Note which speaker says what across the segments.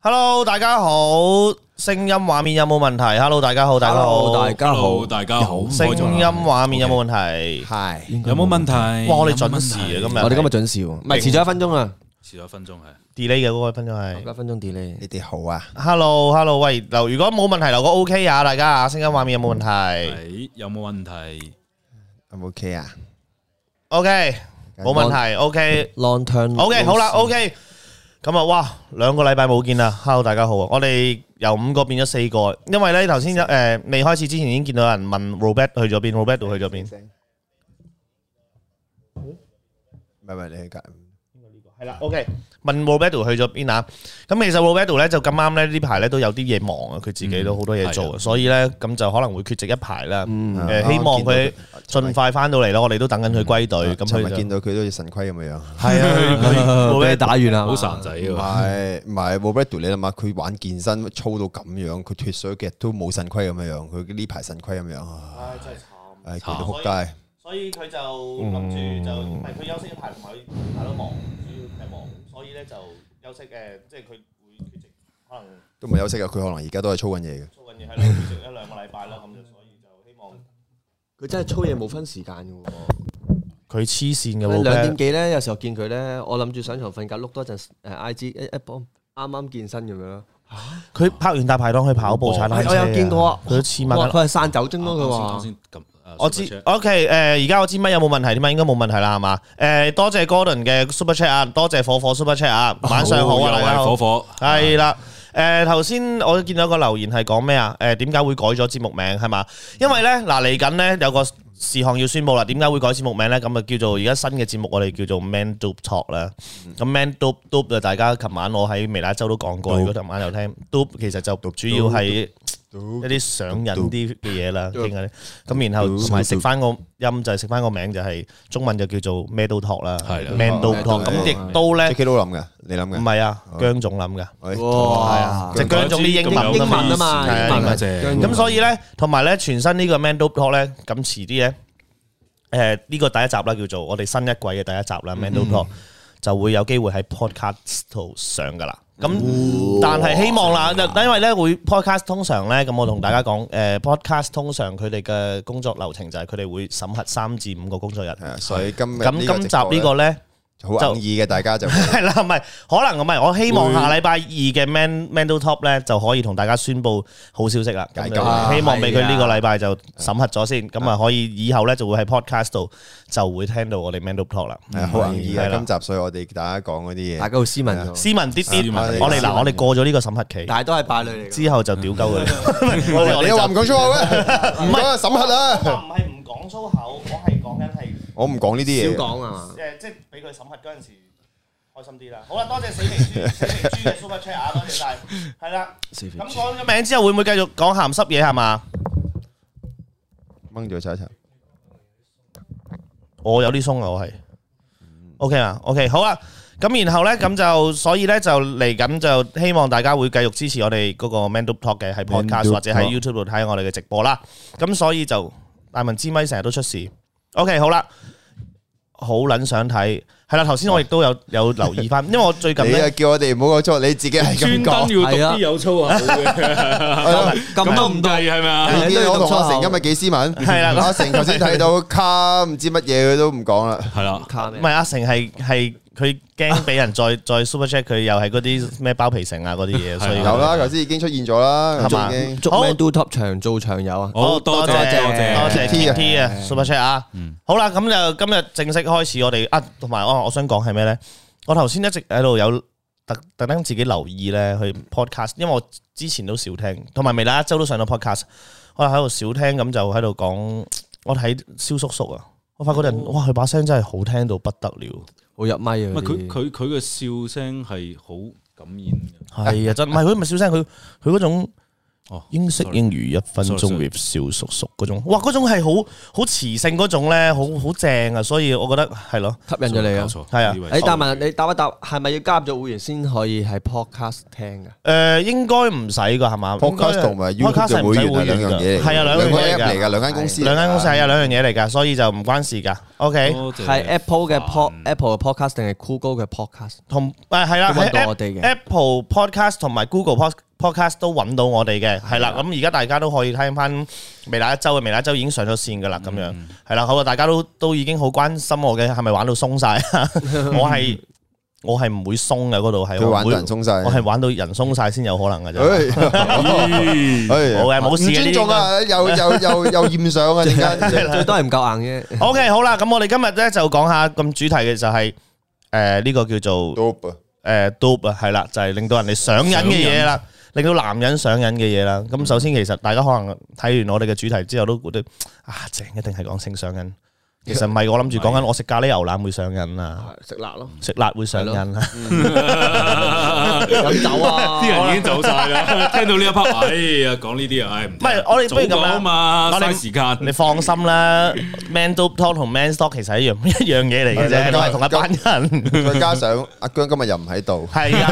Speaker 1: Hello，大家好，聲音畫面有冇問題？Hello，大家好，大家好，大家好，大家好，聲音畫面有冇問題？係有冇問題？哇，我哋準時啊，今日我哋今日準時，唔係遲咗一分鐘啊，遲咗一分鐘係，delay 嘅嗰個一分鐘係，
Speaker 2: 一分鐘 delay，你哋好啊
Speaker 1: ？Hello，Hello，喂，流如果冇問題，留個 OK 啊，大家啊，聲音畫
Speaker 2: 面有冇問題？有冇問題？有冇 OK 啊
Speaker 1: ？OK，冇問題，OK，Long term，OK，好啦，OK。咁啊，哇！兩個禮拜冇見啦，Hello，大家好啊！我哋由五個變咗四個，因為咧頭先誒未開始之前已經見到有人問 Robert 去咗邊，Robert 度去咗邊？唔係，唔係，你嚟㗎？係啦，OK。問 Roberto 去咗邊啊？咁其實 Roberto 咧就咁啱咧呢排咧都有啲嘢忙啊，佢自己都好多嘢做啊，所以咧咁就可能會缺席一排啦。誒，希望佢盡快翻到嚟咯。我哋都等緊佢歸隊。咁佢見
Speaker 2: 到佢都好似神虧咁樣。係啊，佢打完啦，好孱仔喎。唔係唔係 Roberto 你諗下，佢玩健身操到咁樣，佢脫水其實都冇神虧咁樣，佢呢排神虧咁樣。唉，真係慘！仆街！所以佢就諗住就係佢休息一排，
Speaker 1: 同佢係都忙。所
Speaker 2: 以咧就休息誒，即係佢會缺席，可能都唔休息啊！佢可能而家都係操緊嘢嘅，
Speaker 1: 操緊嘢喺一兩
Speaker 3: 個禮拜咯，咁所以就希望佢真係操嘢冇分時間嘅喎，
Speaker 2: 佢黐
Speaker 1: 線嘅冇。兩點
Speaker 3: 幾咧，有時候見佢咧，我諗住上床瞓覺碌多陣誒 IG，一一波啱啱健身咁樣。嚇、啊！
Speaker 1: 佢拍完大排檔去跑步踩單車。啊、我有見過啊，佢黐麥，佢係、啊、散酒精咯，佢話、啊。Super okay, 呃、我知，OK，誒，而家我知乜有冇問題添嘛？應該冇問題啦，係嘛？誒、呃，多謝 Gordon 嘅 Super Chat 啊，多謝火火 Super Chat 啊，晚上好啊，哦、火火大家。係啦，誒，頭先我見到個留言係講咩啊？誒、呃，點解會改咗節目名係嘛？因為咧，嗱、呃，嚟緊咧有個事項要宣佈啦。點解會改節目名咧？咁啊叫做而家新嘅節目，我哋叫做 Man d Dope Talk 啦，嗯。咁 Man d 都都誒，大家琴晚，我喺維拉州都講過，Do ob. 如果琴晚有聽，都其實就讀主要係。一啲上癮啲嘅嘢啦，點解咧？咁然後同埋食翻個音就係食翻個名就係中文就叫做咩都托啦，咩都托。咁亦都咧，Jack 都諗嘅，你諗嘅？唔係啊，姜總諗嘅。哇，即係姜總啲英文英文啊嘛，咁所以咧，同埋咧，全新呢個咩都托咧，咁遲啲咧，誒呢個第一集啦，叫做我哋新一季嘅第一集啦，咩都托就會有機會喺 podcast 度上噶啦。嗯、哇但係希望啦，因為咧會 Podcast 通常呢，咁我同大家講，Podcast 通常佢哋嘅工作流程就係佢哋會審核三至五個工作日，所以今日咁今集個呢個呢。好容易嘅，大家就係啦，唔係可能，唔係我希望下禮拜二嘅 Man Mental Top 咧，就可以同大家宣布好消息啦。咁希望俾佢呢個禮拜就審核咗先，咁啊可以以後咧就會喺 Podcast 度就會聽到我哋 Mental Top 啦。好容易啊，今
Speaker 2: 集所以我哋大家講嗰啲嘢，大家好斯文斯文啲啲。我哋
Speaker 1: 嗱我哋過咗呢個審核期，但係都係敗類嚟。之後就屌鳩佢。你話唔講
Speaker 2: 粗口咩？唔係審核啊！我唔係唔講粗口，我係講緊係。我唔講呢啲嘢，少講啊！誒，即
Speaker 1: 係俾佢審核嗰陣時開心啲啦。好啦，多謝死肥豬，死肥豬嘅 Super Chat 啊！多謝晒，係啦。咁講咗名之後，會唔會繼續講咸濕嘢係嘛？掹住佢一塵，我有啲鬆啊！我係，OK 啊，OK。好啦，咁然後咧，咁就所以咧，就嚟緊就希望大家會繼續支持我哋嗰個 Man Talk 嘅喺 Podcast 或者喺 YouTube 度睇我哋嘅直播啦。咁所以就大文之咪成日都出事。OK，好啦，好撚想睇，係啦，頭先我亦都有有留意翻，因為我最近咧
Speaker 2: 叫我哋唔好講粗，你自
Speaker 1: 己係專登要讀啲有粗
Speaker 2: 啊，咁都唔對係咪？你我同阿成今日幾斯文，係啦，阿成頭先睇到卡唔知乜嘢，佢都唔講啦，
Speaker 1: 係啦，唔係阿成係係。佢驚俾人再再 super chat 佢又係嗰啲咩包皮城啊嗰啲嘢，所以有啦，頭
Speaker 2: 先已經出現咗啦，係嘛？好 do top 場做長友啊！好多謝多謝 T 啊
Speaker 1: T 啊 super chat 啊！好啦，咁就今日正式開始我哋啊，同埋哦，我想講係咩咧？我頭先一直喺度有特特登自己留意咧去 podcast，因為我之前都少聽，同埋未嚟一週都上咗 podcast，我喺度少聽，咁就喺度講，我睇蕭叔叔啊，我發覺人哇，佢把聲真係好聽到不得了。我入咪啊！唔係佢佢
Speaker 4: 佢嘅笑聲係好感染嘅，係啊，真唔係佢唔
Speaker 1: 係笑聲，佢佢嗰種。英式英語一分鐘 with 小叔叔嗰種，哇，嗰種係好好磁性嗰種咧，好好正啊！所以我覺得係咯，吸引咗你啊，係啊。誒，但問你答一答，
Speaker 3: 係咪要加入咗會員先可以喺 podcast 聽
Speaker 1: 噶？誒，應該唔使噶，係嘛？podcast 同埋 YouTube 係唔係兩樣嘢嚟？係啊，兩樣嘢嚟噶，兩間公司，兩間公司係啊，兩樣嘢嚟噶，所以就唔關事噶。OK，係 Apple 嘅 pod，Apple 嘅 podcast 定係 Google 嘅 podcast？同誒係啦，係 Apple podcast 同埋 Google podcast。Podcast 都揾到我哋嘅，係啦，咁而家大家都可以聽翻未來一周嘅，未來一周已經上咗線噶啦，咁樣係啦，好啊，大家都都已經好關心我嘅，係咪玩到鬆晒啊？我係我係唔會鬆嘅，嗰度係會玩人鬆晒，我係玩到人鬆晒先有可能嘅啫。係冇事，唔尊重啊，又又又又
Speaker 2: 染上啊，點解最多
Speaker 1: 係唔夠硬嘅？OK，好啦，咁我哋今日咧就講下咁主題嘅就係誒呢個叫做誒 doop 係啦，就係令到人哋上癮嘅嘢啦。令到男人上癮嘅嘢啦，咁首先其實大家可能睇完我哋嘅主題之後都覺得啊，正一定係講性上癮。其實唔係，我諗住講緊我食咖喱牛腩會上癮啊！食辣咯，食辣會上癮啦。飲酒啊，啲人已經走晒啦。聽到呢一 part，
Speaker 4: 哎呀，講呢啲啊，唔係我哋不如咁好嘛，嘥時
Speaker 1: 間。你放心啦，Man Do Talk 同 Man Talk 其實一樣一樣嘢嚟
Speaker 2: 嘅啫，都係同一班人。再加上阿姜今日又唔喺度，係啊，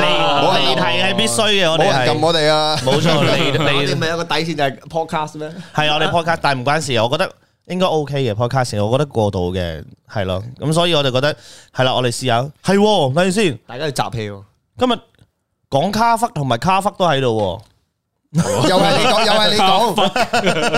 Speaker 2: 嚟係係必須嘅。我哋撳我哋
Speaker 3: 啊，冇錯，你你你唔係有個底線就係 Podcast 咩？
Speaker 1: 係我哋 Podcast，但係唔關事。我覺得。應該 OK 嘅，Podcast，我覺得過度嘅。係咯，咁所以我就覺得係啦，我哋試下，係喎，等陣先，大家要集氣，哦，今日講卡忽同埋卡忽都喺度。
Speaker 5: 又係你講，又係你講。
Speaker 1: 卡伏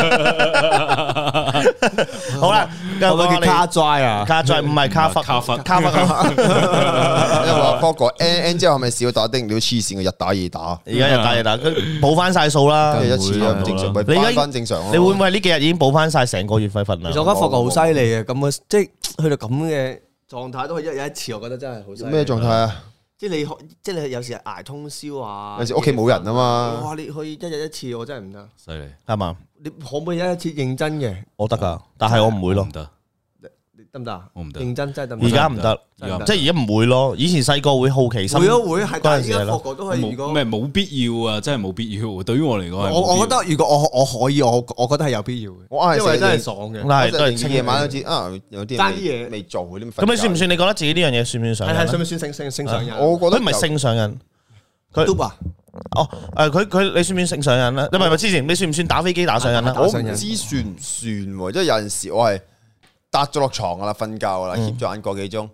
Speaker 1: 好啦，我都叫卡衰啊，卡衰，唔係卡發，卡發卡伏，卡發。
Speaker 2: 因為個個 N N 之後，係咪少打啲？你黐線嘅，日打夜打，而家日打夜打，補翻晒
Speaker 1: 數啦，一次正常咪翻翻正常。你會唔會呢幾日已經補翻晒成個月份啦？其實我覺得個個好犀利啊！咁嘅即係去到咁嘅
Speaker 3: 狀態，都係一日一,一次，我覺得真係好。咩狀態啊？即係你學，即係你有時挨通宵啊！有時屋企冇人啊嘛！哇！你可以一日一次，我真係唔得。
Speaker 1: 犀利係嘛？
Speaker 3: 你可唔可以一日一次認真嘅？
Speaker 1: 我得噶，的但係我唔會咯。唔得。
Speaker 3: 得唔得？我唔
Speaker 4: 得，認真真係得唔得？而家唔得，即係
Speaker 1: 而家唔會咯。以前細個會好奇心，啊會，但係而家個個都係如
Speaker 4: 果冇必要啊，真係冇必要。對於我嚟講，我我覺得如果我我可以，我我覺得係有必要嘅。我係真係爽嘅，但係都係夜晚都知有啲間啲嘢未
Speaker 2: 做咁，你算
Speaker 1: 唔算？你覺得自己呢樣嘢算唔算？係係算唔算性
Speaker 2: 性性上癮？我
Speaker 1: 覺得唔係性上癮。佢都話，哦誒，佢佢，你算唔算性上癮咧？你係唔之前你算唔算打飛機打上癮咧？我唔知
Speaker 2: 算唔算喎，即係有陣時我係。搭咗落床噶啦，瞓覺噶啦，掀咗、嗯、眼幾個幾鐘，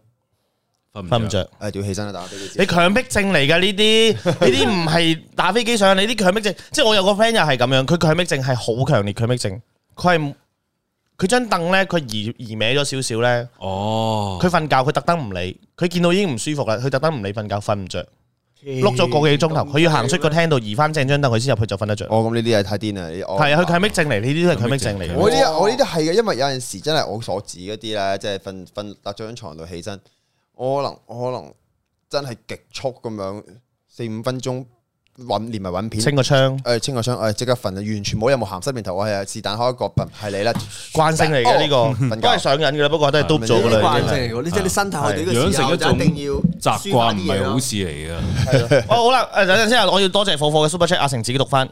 Speaker 2: 瞓瞓唔着，誒、哎，要起身啦，打飛機。
Speaker 1: 你強迫症嚟噶呢啲？呢啲唔係打飛機上，你啲強迫症，即係我有個 friend 又係咁樣，佢強迫症係好強烈，強迫症，佢係佢張凳咧，佢移移歪咗少少咧。哦，佢瞓覺佢特登唔理，佢見到已經唔舒服啦，佢特登唔理瞓覺，瞓唔着。碌咗個幾鐘頭，佢、欸、要行出個廳度移翻正張凳，佢先入去就瞓得着。哦，咁呢啲嘢太癲啦！係啊，佢睇咩症嚟？呢啲都係佢睇咩症嚟？我呢，我呢
Speaker 2: 啲係嘅，哦、因為有陣時真係我所指嗰啲啦，即係瞓瞓搭咗張床度起身，我可能我可能真係極速咁樣四五分鐘。揾連埋揾片清個窗，誒清個窗，誒即刻瞓，完全冇任何鹹濕念頭。我係是但開個頻係你啦，關聲嚟嘅呢個，都係上癮嘅啦。不過我真係都做啦已經係。養成一種習慣唔係好
Speaker 4: 事嚟
Speaker 1: 噶。哦，好啦，誒，等陣先啊，我要多謝火火嘅 Super Chat，阿成自己讀翻。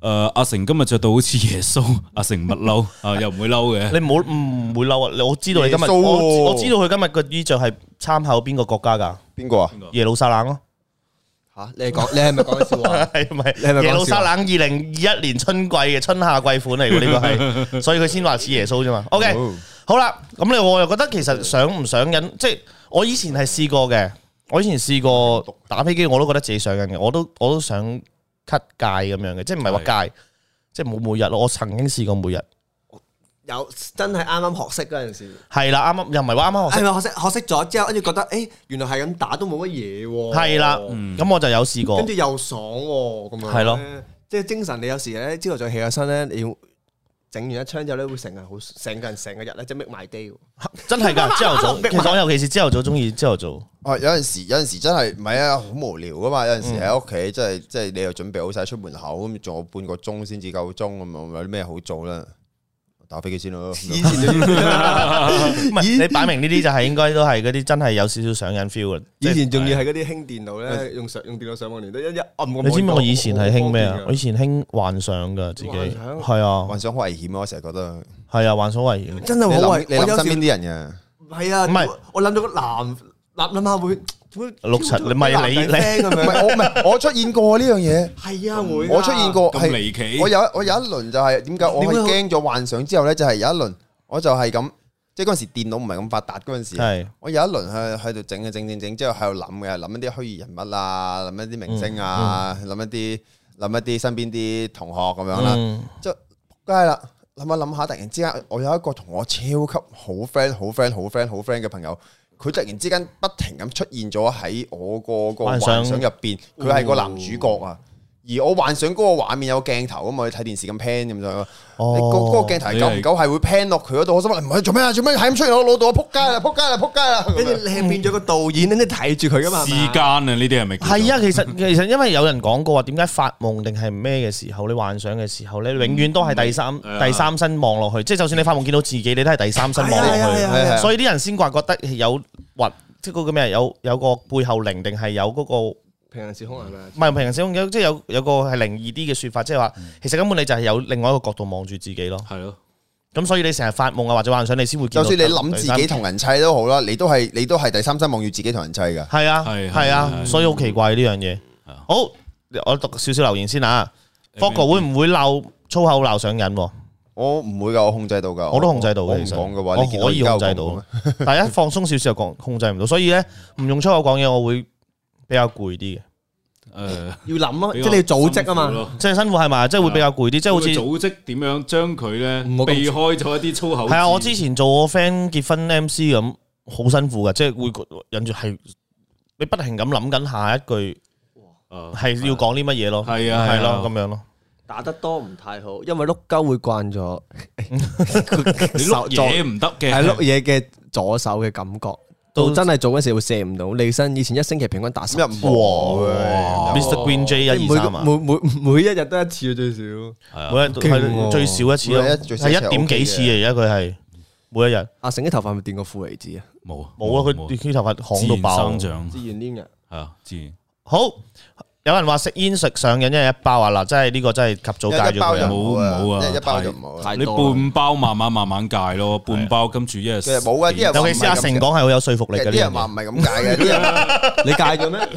Speaker 1: 誒，阿成今日着到好似耶穌，阿成唔會嬲啊，又唔會嬲嘅。你唔好唔會嬲啊，我知道你今日我我知道佢今日嘅衣着係參考邊個國家噶？邊個啊？耶路撒冷咯。吓、啊，你係講，你係咪講笑啊？係唔係耶路撒冷二零二一年春季嘅春夏季款嚟嘅呢個係， 所以佢先話似耶穌啫嘛。OK，、oh. 好啦，咁你我又覺得其實上唔上癮，即係我以前係試過嘅，我以前試過打飛機，我都覺得自己上癮嘅，我都我都想咳戒咁樣嘅，即係唔係話戒，即係冇的每日咯，我曾經試過每日。
Speaker 3: 有真係啱啱學識嗰陣時
Speaker 1: 係啦，啱啱又唔係啱啱學識，
Speaker 3: 學識學識咗之後，跟住覺得誒、欸，原來係咁打都冇乜嘢。係啦，咁、嗯嗯、
Speaker 1: 我就有試過，跟住
Speaker 3: 又爽咁、哦、樣。係咯了，即係精神。你有時咧朝頭早起下身咧，你要整完一槍、就是哦、之後咧，會成日好成日成日成一日咧，即係 make my day。
Speaker 1: 真係噶朝頭早， 其實我尤其是朝頭早中意朝頭早。
Speaker 2: 哦、 啊，有陣時有陣時真係唔係啊，好無聊噶嘛。有陣時喺屋企，即係即係你又準備好晒出門口，咁仲有半個鐘先至夠鐘，咁啊有啲咩好做啦。打飛機先咯，
Speaker 1: 以前唔係你擺明呢啲就係應該都係嗰啲真係有少少上癮 feel 啦。以前仲要係嗰啲
Speaker 3: 興電腦咧，用上用電腦上網頁都一日哦。你知唔知我以前係興咩啊？我
Speaker 1: 以前興幻想噶自己，係啊，幻
Speaker 2: 想好危險啊！我成日覺得係啊，幻想好危險，真係好危。你有冇身邊啲人嘅？
Speaker 3: 係啊，唔
Speaker 2: 係我諗到個男男諗下會。六十？你咪你，靚咁樣，唔係 我，唔係我出現過呢樣嘢。係啊，我出現過。咁離奇我，我有、就是、我有一輪就係點解？我係驚咗幻想之後咧，就係、是、有一輪，我就係咁，即係嗰陣時電腦唔係咁發達嗰陣時，是我有一輪去喺度整啊整整整，之後喺度諗嘅，諗、就是就是就是就是、一啲虛擬人物啊，諗一啲明星啊，諗、嗯、一啲諗一啲身邊啲同學咁樣啦，就仆街啦，諗下諗下，突然之間我有一個同我超級好 friend、好 friend、好 friend、好 friend 嘅朋友。佢突然之間不停咁出現咗喺我個幻想入邊，佢係想個男主角啊！嗯而我幻想嗰個畫面有鏡頭咁，我睇電視咁 pan 咁就，
Speaker 4: 個個鏡頭久唔久
Speaker 2: 係會 pan 落佢嗰度？我心諗唔係做咩啊？做咩睇唔出嚟啊？我老豆！撲街啦！撲街啦！撲街啦！你靚變咗個導演，你睇住佢啊嘛？嗯、時
Speaker 4: 間啊，呢啲係咪？係
Speaker 2: 啊，其實其
Speaker 1: 實因為有人講過話，點解發夢定係咩嘅時候？你幻想嘅時候咧，永遠都係第三、嗯嗯嗯、第三身望落去，即係、嗯嗯嗯、就算你發夢見到自己，你都係第三身望落去。所以啲人先怪覺得有或即係嗰個咩有個有個背後靈定係有嗰個。平行時空係咩？唔係平行時空，有即係有有個係靈異啲嘅說法即係話其實根本你就係有另外一個角度望住自己咯。係咯，咁所以你成日發夢啊，或者幻想你先會見到。就算你諗自己同人
Speaker 2: 砌都好啦，你都係你都係第三身望住自己同人砌噶。
Speaker 1: 係啊，係啊，所以好奇怪呢樣嘢。好，我讀少少留言先，吓。
Speaker 2: Fogo 會唔
Speaker 1: 會鬧粗口鬧上癮？我
Speaker 2: 唔會噶，我控制到噶，我都控制到。我唔講嘅話，我可以控制到。
Speaker 1: 但係一放鬆少少就控控制唔到，所以咧唔用粗口講嘢，我會。比較攰啲嘅，
Speaker 4: 誒，要諗咯，即係你要組織啊嘛，
Speaker 1: 即係辛苦係咪？即係會比較攰啲，即係好似組
Speaker 4: 織點樣將佢咧避開咗一啲粗口。係啊，我之前
Speaker 1: 做我 friend 結婚 MC 咁，好辛苦㗎，即係會忍住係你不停咁諗緊下一句，誒，係要講啲乜嘢咯？係啊，係咯，咁樣咯。打得多唔太好，因為
Speaker 3: 碌鳩會慣咗，
Speaker 4: 你碌嘢唔得嘅，係碌嘢
Speaker 3: 嘅左手嘅感覺。到真係做嗰時會射唔到，李生以前一星期平均打十。哇，Mr Green J 一二三啊！每每每一日都一次最少，係啊，最少一次啊，係一點幾次啊，而家佢係每一日。阿成啲頭髮咪掂過褲為止，啊？
Speaker 1: 冇冇啊？佢啲頭髮好到爆，自然生長，
Speaker 4: 自然粘嘅係啊，自然
Speaker 1: 好。有人話食煙食上癮，一日一包啊嗱，真係呢個真係及早戒咗為好啊，一包就唔好啊，
Speaker 4: 你半包慢慢慢慢戒咯，半包跟住一日。其實冇啊，啲人尤其是阿成講係好有說服力嘅，啲人話唔
Speaker 2: 係咁戒嘅，
Speaker 4: 你戒咗咩？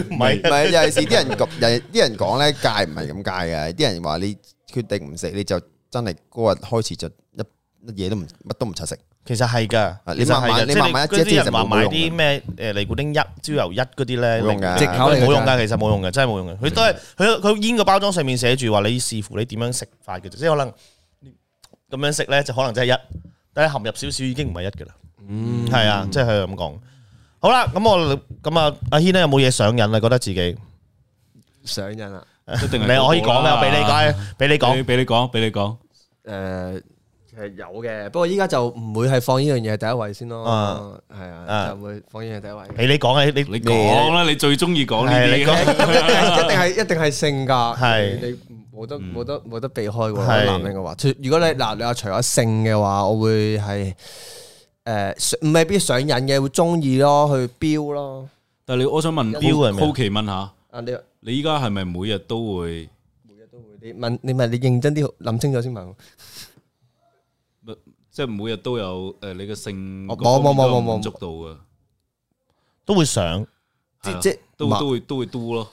Speaker 4: 唔係唔係，尤其是啲人人
Speaker 2: 啲人講咧戒唔係咁戒嘅，啲人話你決定唔食，你就真係嗰日開始就一乜嘢都唔乜都唔食食。其實係噶，你買，你買，嗰啲人
Speaker 1: 話買啲咩誒尼古丁一、焦油一嗰啲咧，用噶，冇用噶，其實冇用噶，真係冇用噶。佢都係佢佢煙個包裝上面寫住話，你視乎你點樣食法嘅，即係可能咁樣食咧，就可能即係一，但係含入少少已經唔係一噶啦。嗯，係啊，即係佢咁講。好啦，咁我咁啊，阿軒咧有冇嘢上癮啊？覺得自己上癮啦，你我可以講嘅，俾你講，俾你講，俾你講，俾你講，
Speaker 3: 誒。誒，有嘅，不過依家就唔會係放呢樣嘢第一位先咯。啊，係啊，就唔會放呢樣嘢第一位。啊，一位你你講你講啦，你最中意講呢啲。欸，一， 一定係一定係性㗎，係是你冇得冇得冇得避開。男人嘅話，是如果你嗱你話除咗性嘅話，我會係誒唔未必上癮嘅，會中意咯，去標咯。
Speaker 4: 但係你我想問標係咩？好奇文問下。啊，你你依家係咪每日都會？每日都會。你問
Speaker 3: 你咪你認真啲，諗清楚先問
Speaker 4: 即係每日都有誒你嘅性各方面有滿足到嘅，
Speaker 1: 都會想，即即都會都
Speaker 4: 會都會 do 咯，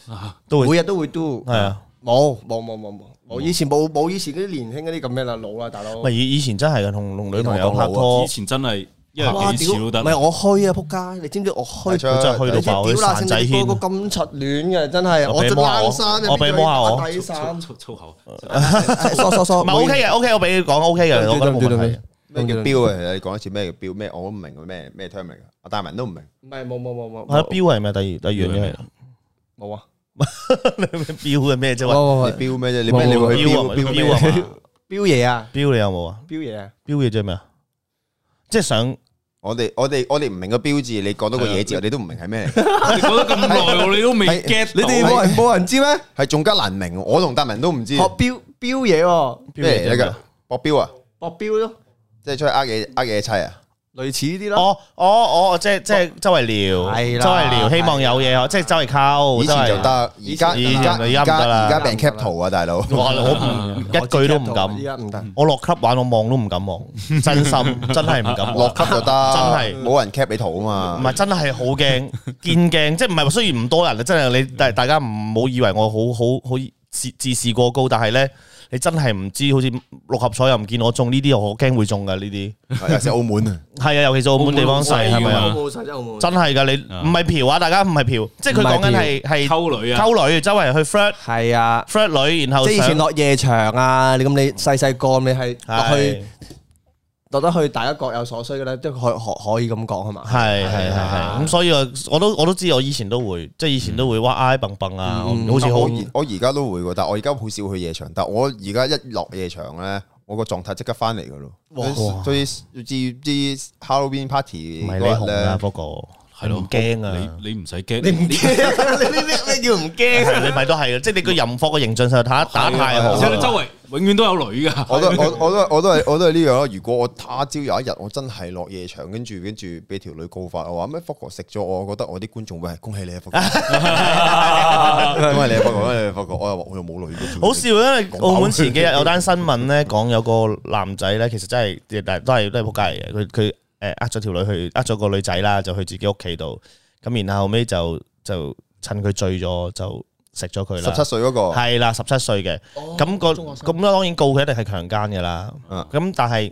Speaker 3: 都會每日都會 do 係啊，冇冇冇冇冇，我以前冇冇以前嗰啲年輕嗰啲咁嘅啦，老啦大佬。
Speaker 1: 咪以以前真係同同女朋友拍拖，以前真係因為幾少都得。唔係我
Speaker 3: 虛啊，仆街！你知唔知我虛長？我真係虛到爆！我散仔軒個咁柒亂嘅真係，我俾攬衫，我俾摸下我。低三出粗口，嗦嗦嗦，咪 OK 嘅，OK，我
Speaker 2: 俾
Speaker 1: 你講 OK 嘅，我覺得冇問題。咩叫標
Speaker 2: 啊？你講一次咩叫標咩？我都唔明佢咩咩 term 嚟噶？阿達文都唔明。唔係，冇冇冇冇。係標
Speaker 1: 係咪？第二第二樣嘢。冇啊。
Speaker 2: 標係咩啫？標咩啫？你咩？你標啊？
Speaker 1: 標嘢啊？標你
Speaker 2: 有冇啊？標嘢啊？標嘢即係咩啊？即係想我哋我哋我哋唔明個標誌，你講到個嘢字，你都唔明係咩？
Speaker 3: 講咗
Speaker 2: 咁耐，你都未 get？你哋冇人冇人知咩？係仲加難明。我同達文都唔知。學標標嘢？咩嚟噶？博標啊？博標咯。即係出去呃嘢，呃嘢砌啊，
Speaker 1: 類似呢啲咯。哦，哦，哦，即係即係周圍聊，係啦，周圍聊，希望有嘢可，即係周圍溝，以前就得，而家而家而家唔得啦，而家俾人
Speaker 2: cap 圖啊，大佬。哇，我一句都唔敢，而家唔得，
Speaker 1: 我落 club 玩，我望都唔敢望，真心真係唔敢。落 club 就得，真係冇人 cap 你圖啊嘛。唔係，真係好驚見鏡，即係唔係話雖然唔多人，真係你但係大家唔好以為我好好好自自視過高，但係咧。你真係唔知，好似六合彩又唔見我中呢啲，又我驚會中㗎呢啲，尤其是澳門啊，係啊，尤其是澳門地方細係咪啊？真係㗎，你唔係嫖啊，大家唔係嫖，嫖即係佢講緊係係溝女啊，溝女，周圍去 friend 係啊，friend 女，然後即以前落夜場啊，你咁你細細個你係落去。
Speaker 3: 覺得去大家各有所需嘅咧，即係可可可以咁講係嘛？係係
Speaker 2: 係係。咁
Speaker 1: 所以啊，我都我都知，我以前都會，即係以前都會玩 I 蹦蹦啊，好似好，
Speaker 2: 我而家都會，但係我而家好少去夜場，但係我而家一落夜場咧，我個狀態即刻翻嚟㗎咯。對嘩，至啲 Halloween party 嗰啲咧，不，但不過。係咯，驚 啊樂！你你唔使驚，你唔驚，你你 你要唔驚
Speaker 1: 你咪都係啊，即係你個淫課嘅形象上睇，打太行， 你周圍
Speaker 4: 永遠都有女噶。 我都我
Speaker 2: 我都我都係我都係呢樣咯。如果我他朝有一日我真係落夜場，跟住跟住俾條女告發，我話咩福哥食咗我，我覺得我啲觀眾會係恭喜你啊，恭喜你啊，福哥福哥，ers，我又我又冇女。好笑，因為澳門前幾日有單
Speaker 1: 新聞咧，講 有個男仔咧，其實真係都係都係撲街嚟嘅，佢佢。誒，呃咗條女去，呃咗個女仔啦，就去自己屋企度，咁然後後尾就就趁佢醉咗就食咗佢啦。十七歲嗰、oh, 嗰個係啦，十七歲嘅，咁、嗰個咁咧，嗰個、當然告佢一定係強姦嘅啦。咁 Yeah. 但係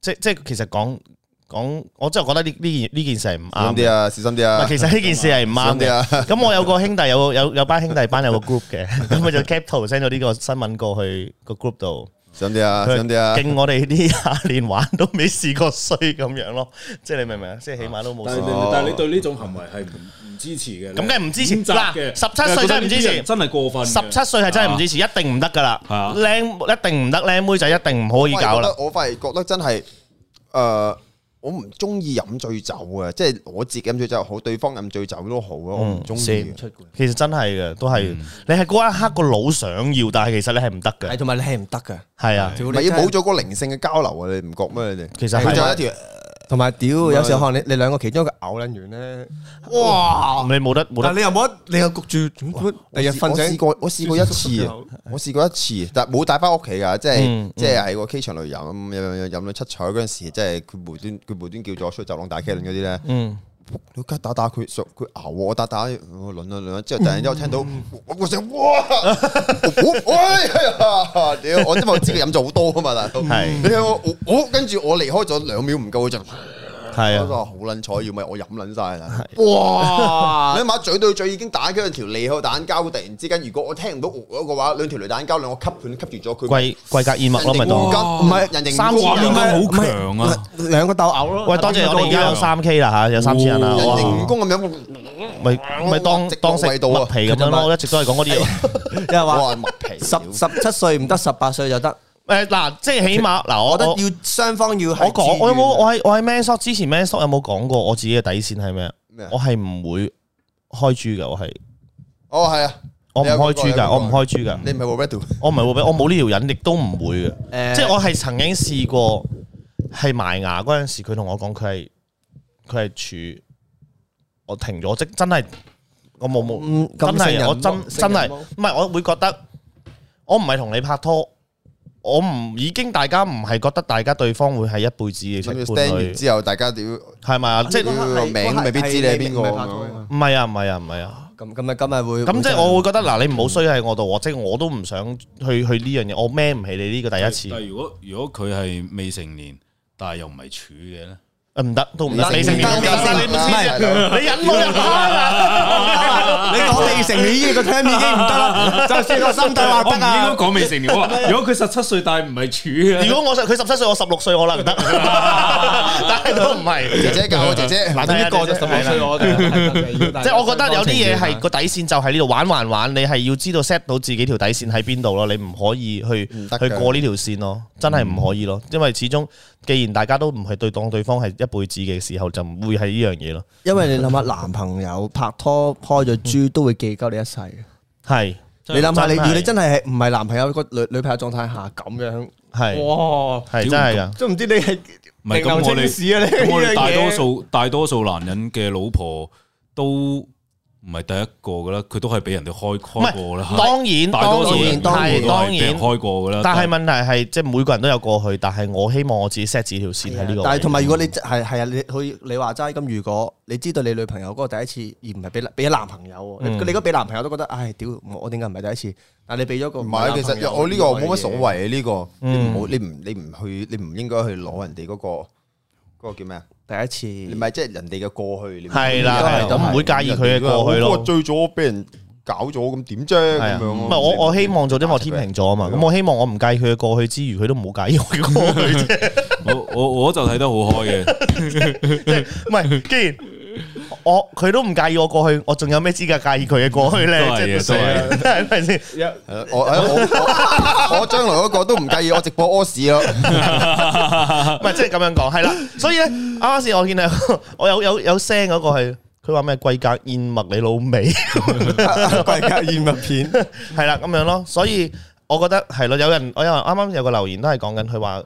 Speaker 1: 即即係其實講講，我真係覺得呢呢件呢件
Speaker 2: 事係唔啱。小心啲啊，小心啲啊！其實呢件事係唔啱嘅。
Speaker 1: 咁 我有個兄弟，有有有班兄弟班有個 group 嘅，咁 佢就 kept on send 咗呢個新聞過去個 group 度。想啲啊，想啲啊，勁我哋啲廿年玩都未試過衰咁樣咯， 即係你明唔明啊？即係起碼都冇錯。但係你
Speaker 4: 對呢種行為係唔支持嘅，咁梗係唔支持啦。十七歲真係唔支持，真係過分。十七歲係真係唔支
Speaker 1: 持，一定唔得噶啦。係靚、啊、一定唔是、啊、得，靚妹就一定唔可以搞啦。我
Speaker 2: 反而覺得真係，誒、呃。我唔中意飲醉酒啊，即係我自己飲醉酒好，對方飲醉酒都好咯。嗯、我唔中意。先出
Speaker 1: 嘅，其實真係嘅，都係、嗯、你係嗰一刻個腦想要，但係其實你係唔得嘅。係，同埋你係唔得嘅。係啊，啊要你要冇
Speaker 2: 咗個靈性嘅交流啊！你唔覺咩？其實佢仲有一條。的同埋屌，有，嗯、有時候
Speaker 1: 可能你兩個其
Speaker 3: 中
Speaker 2: 一個嘔撚完咧，哇！你冇得冇得，但你又冇
Speaker 3: 得？你又焗住？我試，瞓醒我試過，我試過一次
Speaker 2: 我試過一次， 但冇帶翻屋企㗎，即係、嗯、即係喺個 K 場度飲，飲飲飲到七彩嗰陣時，即係佢無端佢無端叫咗我出去走廊打機咁樣啲咧。嗯你家打打佢佢咬我打打，我輪兩兩之後，突然之間聽到我個聲哇，我因為、哎、我自己飲咗好多噶嘛，都係你聽我我跟住我離開咗兩秒唔夠嗰陣。係啊！我話好撚彩，要唔係我飲撚晒啦！哇！你一馬嘴對嘴已經打緊條脷喺度打緊交，突然之間如果我聽唔到喐咗嘅話，兩條脷打緊交，兩個吸盤吸住咗佢，貴貴格衣物咯，咪當唔係？人形嘅咩？唔
Speaker 3: 係，
Speaker 1: 兩個鬥毆咯。喂，多謝我哋而家有三 K 啦，吓有
Speaker 3: 三千人啦。哇！人形
Speaker 2: 蜈蚣咁樣，咪
Speaker 1: 咪當當
Speaker 2: 成麥皮咁樣咯。
Speaker 1: 我一直都係
Speaker 3: 講嗰啲嘢，即係話麥皮。十十七歲唔得，十八歲就得。誒、嗱，即係起
Speaker 1: 碼，嗱，我覺得要
Speaker 2: 雙方要我講，我有冇
Speaker 1: 我喺我喺 Man 叔之前，Man 叔有冇講過我自己嘅底線係咩？我係唔會開豬噶我係，
Speaker 2: 我係啊，我唔開豬噶我唔
Speaker 1: 開豬噶你
Speaker 2: 唔係我唔係我冇呢
Speaker 1: 條引力都唔會嘅，即係我係曾經試過係埋牙嗰陣時，佢同我講佢係佢係處，我停咗即真係我冇冇，真係我真真係，唔係我會覺得我唔係同你拍拖。我唔已經大家唔係覺得大家對方會係一輩子嘅伴侶，完之後大家點係咪啊？即係個名未必知你係邊個。唔係啊！唔係啊！唔係啊！咁咁咪今日會咁即係我會覺得嗱，啊、你唔好衰喺我度，即係、嗯、我都唔想去去呢樣嘢，我孭唔起你呢個第一次。如
Speaker 4: 果如果佢係未成年，但係又唔係處嘅咧？唔得，都唔得。未成年，但你唔係你忍耐唔得啦。你講未成年嘅聽已經唔得啦。就算我心底話得啊，我應該講未成年。如果佢十七歲，但係唔係處。如果
Speaker 1: 我佢十七歲，我十六歲可能得，但係都唔係姐姐夠姐姐。嗱，得一個啫，十六歲我即係我覺得有啲嘢係個底線，就喺呢度玩還玩。你係要知道 set 到自己條底線喺邊度咯。你唔可以去去過呢條線咯，真係唔可以咯。因為始終。既然大家都唔係對當對方係一輩子嘅時候，就唔會係呢樣嘢咯。
Speaker 3: 因為你諗下男朋友拍拖開咗豬都會記鳩你一世。係，你諗下你你真係係唔係男朋友個女女朋友狀態下咁樣係。哇，係真係噶，都唔知你係唔係咁正史啊你。我哋大多數
Speaker 4: 大多數男人嘅老婆都。唔係第一個噶啦，佢都係俾人哋開開過啦。是當然，當然係當然開過噶啦。但係
Speaker 1: 問題係、嗯、即係每個人都有過去，但係我希望我自己 set 住條線喺呢個。但係同埋，如果你係係啊，你去你話齋咁，如果
Speaker 3: 你知道你女朋友嗰個第一次，而唔係俾俾咗男朋友，嗯、你你咁俾男朋友都覺得唉、哎、屌，我
Speaker 2: 點解唔係第一次？
Speaker 3: 但係你俾咗個唔係，其實我呢個冇乜所謂呢、嗯這個，你唔好你唔
Speaker 2: 你唔去，你唔應該去攞人哋嗰、那個嗰、那個叫咩啊？第一次，唔係即係人哋嘅過去，係啦，係，唔會介意佢嘅過去咯。不過最早俾人搞咗，咁點啫？咁樣，唔係我
Speaker 1: 我希望做啲我天秤座啊嘛。咁我希望我唔介意佢嘅過去之餘，佢都唔好介意我嘅
Speaker 4: 過去啫。我我我就睇得好開嘅，
Speaker 1: 唔係，既然。我佢都唔介意我過去，我仲有咩資格介意佢嘅過去咧？
Speaker 5: 我我
Speaker 1: 我將來嗰個都唔介意我直播屙屎咯。唔 係， 即係咁樣講，係啦。所以咧，阿 s i 我見到，我有有有聲嗰個係，佢話咩貴格燕麥你老味，貴 格 燕麥片，係啦咁樣咯。所以我覺得係咯，有人我有啱啱有個留言都係講緊佢話。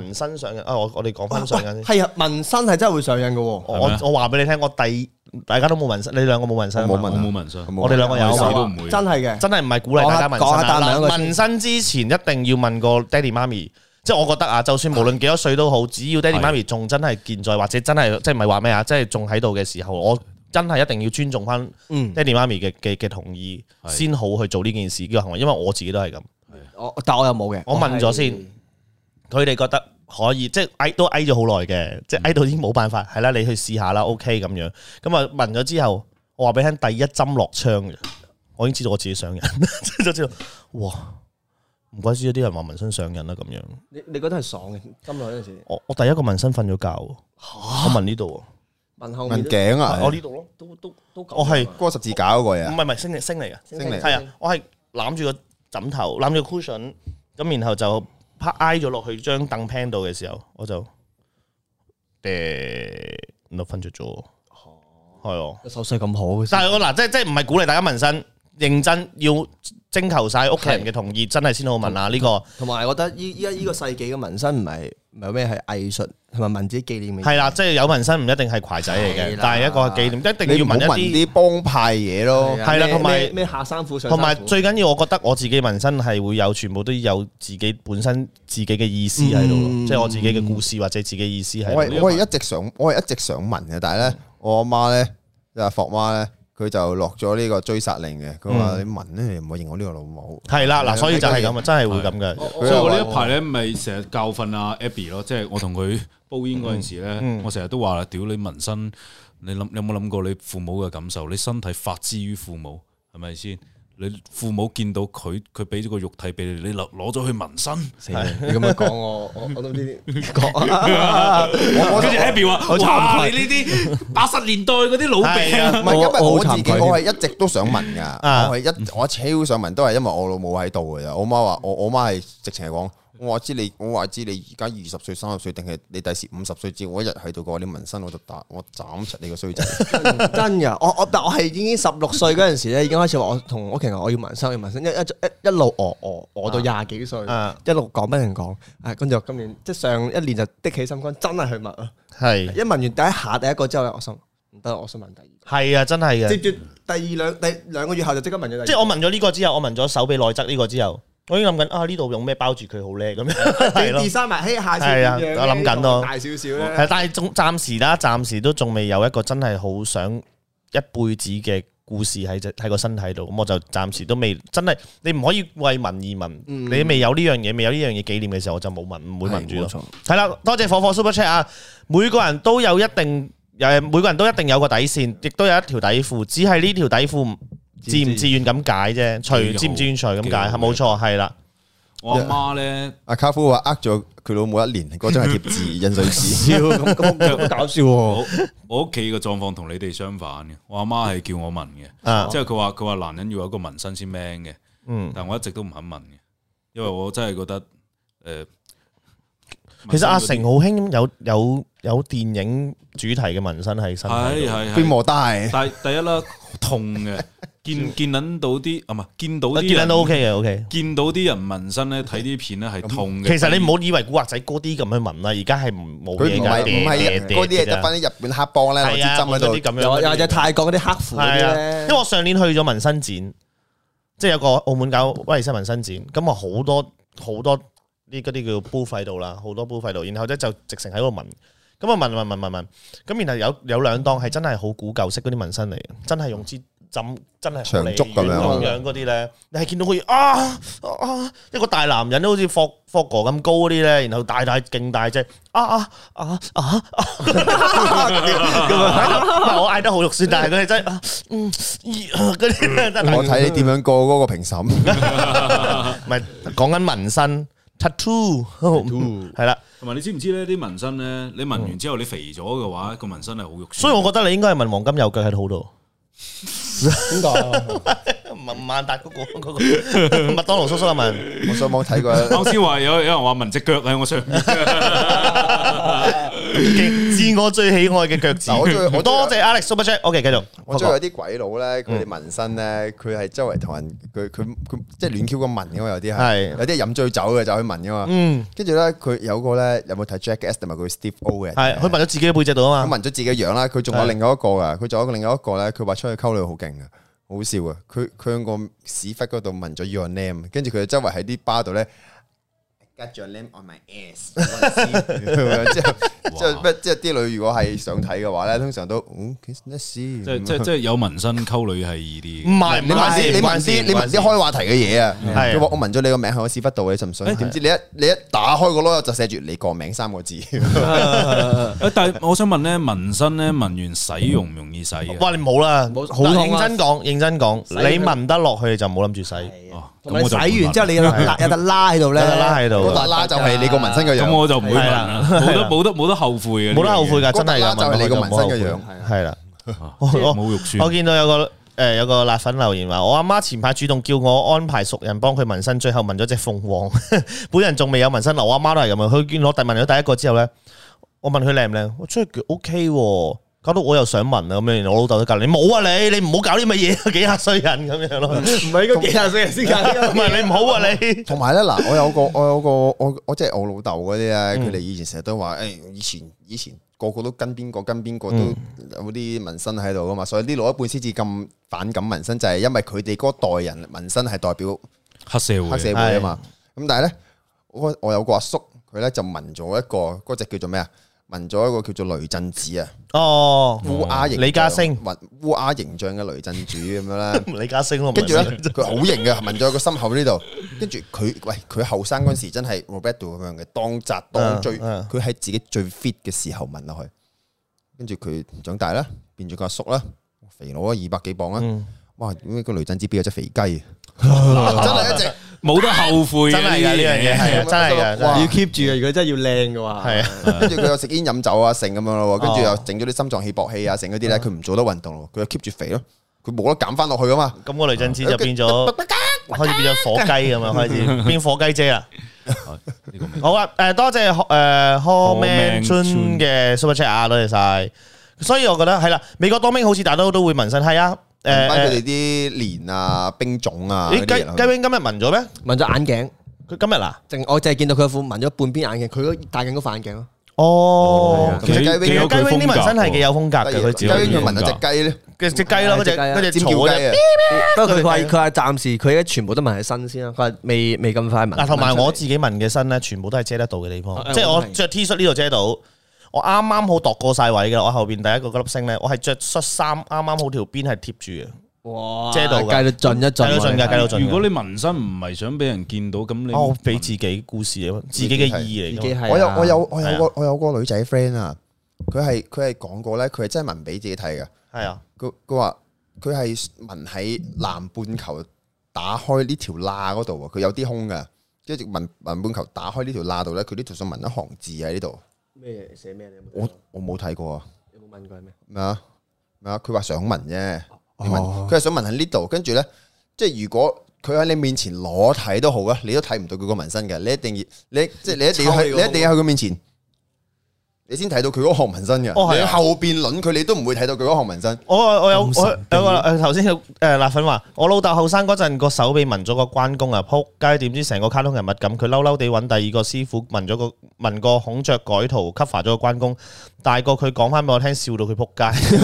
Speaker 1: 紋身上癮啊！我我哋講翻上癮先。係
Speaker 3: 啊，紋身係真係會上癮噶。我我話俾
Speaker 1: 你聽，我第大家都冇紋身，你兩個冇紋身冇冇紋，冇紋身。我哋兩個有事都唔會。真係嘅，真係唔係鼓勵大家紋身啦。紋身之前一定要問過爹哋媽咪，即係我覺得啊，就算無論幾多歲都好，只要爹哋媽咪仲真係健在，或者真係即係唔係話咩啊？即係仲喺度嘅時候，我真係一定要尊重翻爹哋媽咪嘅嘅嘅同意，先好去做呢件事呢個行為。因為我自己都係咁。我但我又冇嘅，我問咗先。佢哋覺得可以，即係挨都挨咗好耐嘅，即係挨到已經冇辦法，係啦，你去試下啦，OK 咁樣。咁啊，紋咗之後，我話俾你聽，第一針落槍嘅，我已經知道我自己上癮，就知道哇，唔怪之有啲人話紋身上癮啦咁樣。你你覺得係爽嘅針落嗰陣時？我我第一個紋身瞓咗覺，我紋呢度，紋後紋頸啊，我呢度咯，都都都，我係
Speaker 2: 嗰個十字架嗰個嘢，唔係
Speaker 1: 唔係，星嚟星嚟嘅，星嚟，係啊，我係攬住個枕頭，攬住個 cushion，咁然後就。趴挨咗落去張凳廳度嘅時候，我就，誒，就瞓着咗。係哦，手勢咁好嘅。但係我嗱，即係即係唔係鼓勵大家紋身，認真要徵求晒屋企人嘅同意，是真係先好紋下呢個。
Speaker 3: 同埋，我覺得依依家依個世紀嘅紋身唔係。嗯唔係，咩係藝術，同埋文字紀念嘅係啦，即
Speaker 1: 係、就是、有紋身唔一定係枴仔嚟嘅，了但係一個紀念，一定要紋一啲幫派嘢咯。係啦了，同埋咩下山虎上山虎，同埋最緊要，我覺得我自己紋身係會有全部都有自己本身自己嘅意思喺度、嗯，即係、就是、我自己嘅故事或者自己意思喺、嗯。我是我係一
Speaker 2: 直想，我係一直想紋嘅，但係咧，我阿媽咧，阿霍媽咧。佢就落咗呢個追殺令嘅，佢話你紋咧，唔好認我呢個老母。係啦的，嗱，所以就係咁啊，的真係會咁嘅。的所以我呢一排咧，
Speaker 4: 咪成日教訓阿 Abby 咯，即係我同佢煲煙嗰陣時咧，嗯、我成日都話啦：屌你紋身，你諗有冇諗過你父母嘅感受？你身體發之於父母，係咪先？你父母見到佢，佢俾咗個肉體俾你，你攞攞咗去紋身，的 你咁樣講我，我我都唔知點講。我我嗰 happy 話，哇！ 你呢啲八十年代嗰啲老味啊，唔係我因為我自己，我係一
Speaker 2: 直都想紋噶， 我係一我超想紋，都係因為我老母喺度嘅咋，我媽話我，我媽係直情係講。我話知你，你，我話知你而家二十歲、三十歲，定係你第時五十歲？只要我一日喺度，我話你紋身，我就打我斬實你個衰仔！
Speaker 3: 真噶，我 我但我係已經十六歲嗰陣時咧，已經開始話我同屋企人我要紋身，要紋身，一一一路哦哦，我到廿幾歲，一路講俾、嗯、人講。跟住我今年即係上一年就的起心肝，真係去紋啊！係是一紋完第一下第一個之後咧，我心
Speaker 1: 唔得，我想紋第二個。係啊，真係嘅。接住
Speaker 3: 第二兩第兩個月後就刻紋即刻紋咗。即係
Speaker 1: 我紋咗呢個之後，我紋咗手臂內側呢個之後。我已經諗緊啊！呢度用咩包住佢好叻咁樣，係 咯了，要
Speaker 3: design 埋，下次、啊、我諗緊咯，大少少係，但
Speaker 1: 係仲暫時啦，暫時都仲未有一個真係好想一輩子嘅故事喺只喺個身體度。咁我就暫時都未真係，你唔可以為民而民。嗯、你未有呢樣嘢，未有呢樣嘢紀念嘅時候，我就冇文，唔會文住咯。係啦，多謝火火 Super Chat 啊！每個人都有一定，誒，每個人都一定有個底線，亦都有一條底褲，只係呢條底褲。自唔自願咁解啫，除
Speaker 4: 自唔自願
Speaker 2: 除咁解，冇錯係啦。我阿媽咧，阿卡夫話呃咗佢老母一年，嗰張係貼字印水紙，咁講好搞笑。我
Speaker 4: 屋企嘅狀況同你哋相反嘅，我阿媽係叫我紋嘅，即係佢話佢話男人要有一個紋身先 man 嘅，嗯，但我一直都唔肯紋嘅，因為我真係覺得誒。其實阿成
Speaker 1: 好興有有有電影主題嘅紋身喺身，係係規模大，但
Speaker 4: 係第一啦。痛嘅，見見捻到啲啊唔係見到啲人都 OK 嘅 OK，見到啲人紋身咧睇啲片咧係痛嘅。其實你唔好以
Speaker 1: 為古惑仔嗰啲咁樣紋啦，而家係冇嘢嘅唔係嗰啲係得翻啲日本黑幫咧，係啊，浸喺度啲咁樣，又或者泰國嗰啲黑虎，啲咧。因為我上年去咗紋身展，即係有個澳門搞威尼斯紋身展，咁啊好多好多啲啲叫煲費度啦，好多煲費度，然後咧就直成喺度紋。咁啊，問問問問問，咁然後有有兩檔係真係好古舊式嗰啲紋身嚟嘅，真係用支針，真係長竹咁樣嗰啲咧，你係見到佢啊啊，一個大男人都好似霍霍哥咁高嗰啲咧，然後大大勁大隻，啊啊
Speaker 2: 啊啊啊，咁
Speaker 1: 啊，我嗌得好肉酸，但係佢真啊，嗯，嗰啲真係我睇你點
Speaker 2: 樣過嗰個
Speaker 1: 評審，唔係講緊紋身。係 a 啦，
Speaker 4: 同埋你知唔知呢啲紋身呢？你紋完之後你肥咗嘅話，個紋身係好肉酸。嗯、所以我覺得
Speaker 1: 你應該係紋黃金右腳喺度好多。真㗎 。
Speaker 4: 問萬達嗰
Speaker 1: 個，嗰個麥當勞叔叔啊問，我上網睇過，啱先話
Speaker 4: 有有人話紋隻腳啊，我上，
Speaker 2: 自
Speaker 1: 我最喜愛嘅腳趾，我最，好多
Speaker 2: 謝 Alex Super Jack，OK 繼續，我中意有啲鬼佬咧，佢哋紋身咧，佢係周圍同人，佢佢佢即係亂 Q 個紋噶嘛，有啲係，有啲飲醉酒嘅就去紋噶嘛，嗯，跟住咧佢有個咧，有冇睇 Jackass 同埋佢 Steve O 嘅？係，佢紋咗自己背脊度啊嘛，佢紋咗自己樣啦，佢仲有另外一個噶，佢仲有另外一個咧，佢話出去溝女好勁噶。好笑啊！佢佢喺個屎忽嗰度問咗 your name，跟住佢就周圍喺啲巴度咧。Get your name on my ass！即係即係不，即係啲女如果係想睇嘅話咧，通常都嗯，其實咩事？即係即係即
Speaker 4: 係有紋身溝女係易啲。唔係，你唔係，你唔係，你紋啲開話題嘅嘢！啊，係我我
Speaker 2: 紋咗你個名喺我屎忽度，你信唔信？點知你一你一打開個 logo 就寫住你個名三個字。
Speaker 4: 誒，但係我想問咧，紋身咧紋完使用唔容易洗啊？哇，你冇
Speaker 2: 啦，冇好認真
Speaker 4: 講，認真講，你紋得落去就冇諗住
Speaker 1: 洗。
Speaker 3: 洗完之後你有得有得拉喺度咧，有得拉喺度，冇得拉就係你個紋身嘅樣。咁我就唔會啦，冇得
Speaker 4: 冇得冇得後悔嘅，冇得後悔噶，真係噶，就係個紋身嘅樣係
Speaker 1: 啦。我我見到有個誒有個辣粉留言話，我阿媽前排主動叫我安排熟人幫佢紋身，最後紋咗隻鳳凰。本人仲未有紋身，留我阿媽都係咁樣。佢見我第紋咗第一個之後咧，我問佢靚唔靚，我出 OK。搞到我又想問啊！咁樣，我老豆都隔
Speaker 2: 離，冇啊你！
Speaker 1: 你唔好搞啲乜嘢，幾廿歲人咁樣咯，唔係應該幾廿歲人先搞？唔係
Speaker 2: 你唔好啊你！同埋咧嗱，我有個我有個我我即係我老豆嗰啲啊，佢哋以前成日都話誒，以前以前個個都跟邊個跟邊個都有啲紋身喺度噶嘛，所以呢老一輩先至咁反感紋身，就係因為佢哋嗰代人紋身係代表
Speaker 4: 黑社會黑社會啊嘛。
Speaker 2: 咁但係咧，我我有個阿叔，佢咧就紋咗一個嗰隻叫做咩啊？紋咗一個叫做雷震子啊！哦，烏鴉形李嘉星，紋烏鴉形象嘅雷震子咁樣咧， 李嘉星咯。跟住咧，佢好型嘅，紋咗個心口呢度。跟住佢，喂，佢後生嗰陣時真係 Roberto 咁樣嘅，當紮當追，佢喺、啊啊、自己最 fit 嘅時候紋落去。跟住佢長大啦，變咗個阿叔啦，肥佬啊，二百幾磅啊，嗯、哇！點解、那個雷震子邊有隻肥雞啊？ 真係一隻。冇得後悔真係㗎呢樣嘢，係啊，真係啊，要 keep 住啊！如果真係要靚嘅話，係啊，跟住佢又食煙飲酒啊，成咁樣咯，跟住又整咗啲心臟起搏器啊，成嗰啲咧，佢唔做得運動咯，佢又 keep 住肥咯，佢冇得減翻落去啊嘛。咁個雷震子就變咗，
Speaker 1: 開始變咗火雞咁樣，開始變火雞姐啦。好啊，誒多謝誒 Commander 嘅 Super Chat 啊，多謝晒！所以我覺得係啦，美國當兵好似大家都會紋身，係啊。誒，佢哋
Speaker 2: 啲鏈啊、冰種啊，你雞雞 wing
Speaker 1: 今日紋咗咩？紋咗眼鏡，佢今日嗱，淨我淨係見到佢副紋咗半邊眼鏡，佢嗰
Speaker 3: 戴緊嗰反鏡咯。
Speaker 1: 哦，其實雞 wing 啲紋身係幾有風格嘅，佢自己。雞 wing 佢紋一隻雞咧，嘅隻雞咯，
Speaker 3: 嗰隻隻草雞。不過佢話佢係暫時，佢而家
Speaker 1: 全部都紋喺身先啦，佢話未未咁快紋。嗱，同埋我自己紋嘅身咧，全部都係遮得到嘅地方，即係我着 T 恤呢度遮到。我啱啱好度過晒位嘅，我後邊第一個粒星咧，我係着恤衫，啱啱好條邊係貼住嘅。哇！遮到，計到進一進，計到進。如果
Speaker 4: 你紋身唔係想俾人見到，咁你哦俾自己故事嚟，自己嘅意義嚟。自己係。我有我有我有個、
Speaker 2: 啊、我有個女仔 friend 啊，佢係佢係講過咧，佢係真係紋俾自己睇嘅。係啊，佢佢話佢係紋喺南半球打開呢條罅嗰度啊，佢有啲空嘅，即係紋南半球打開呢條罅度咧，佢呢都想紋一行字喺呢度。咩？寫咩？你有冇我我冇睇過啊！你有冇問過咩？咩啊咩啊？佢話想問啫，哦、你問佢係想問喺呢度，跟住咧，即係如果佢喺你面前裸體，都好啊，你都睇唔到佢個紋身嘅，你一定要你，你即係你一定要去，你，你一定要去佢面前。你先睇到佢嗰個紋身嘅，你後邊捻佢，你都唔會睇到佢嗰個紋身。我我有
Speaker 1: 我有個誒頭先誒蠟粉話，我老豆後生嗰陣個手臂紋咗個關公啊撲街，點知成個卡通人物咁，佢嬲嬲地揾第二個師傅紋咗個紋個孔雀改圖 cover 咗個關公，大個佢講翻俾我聽，笑到佢撲街，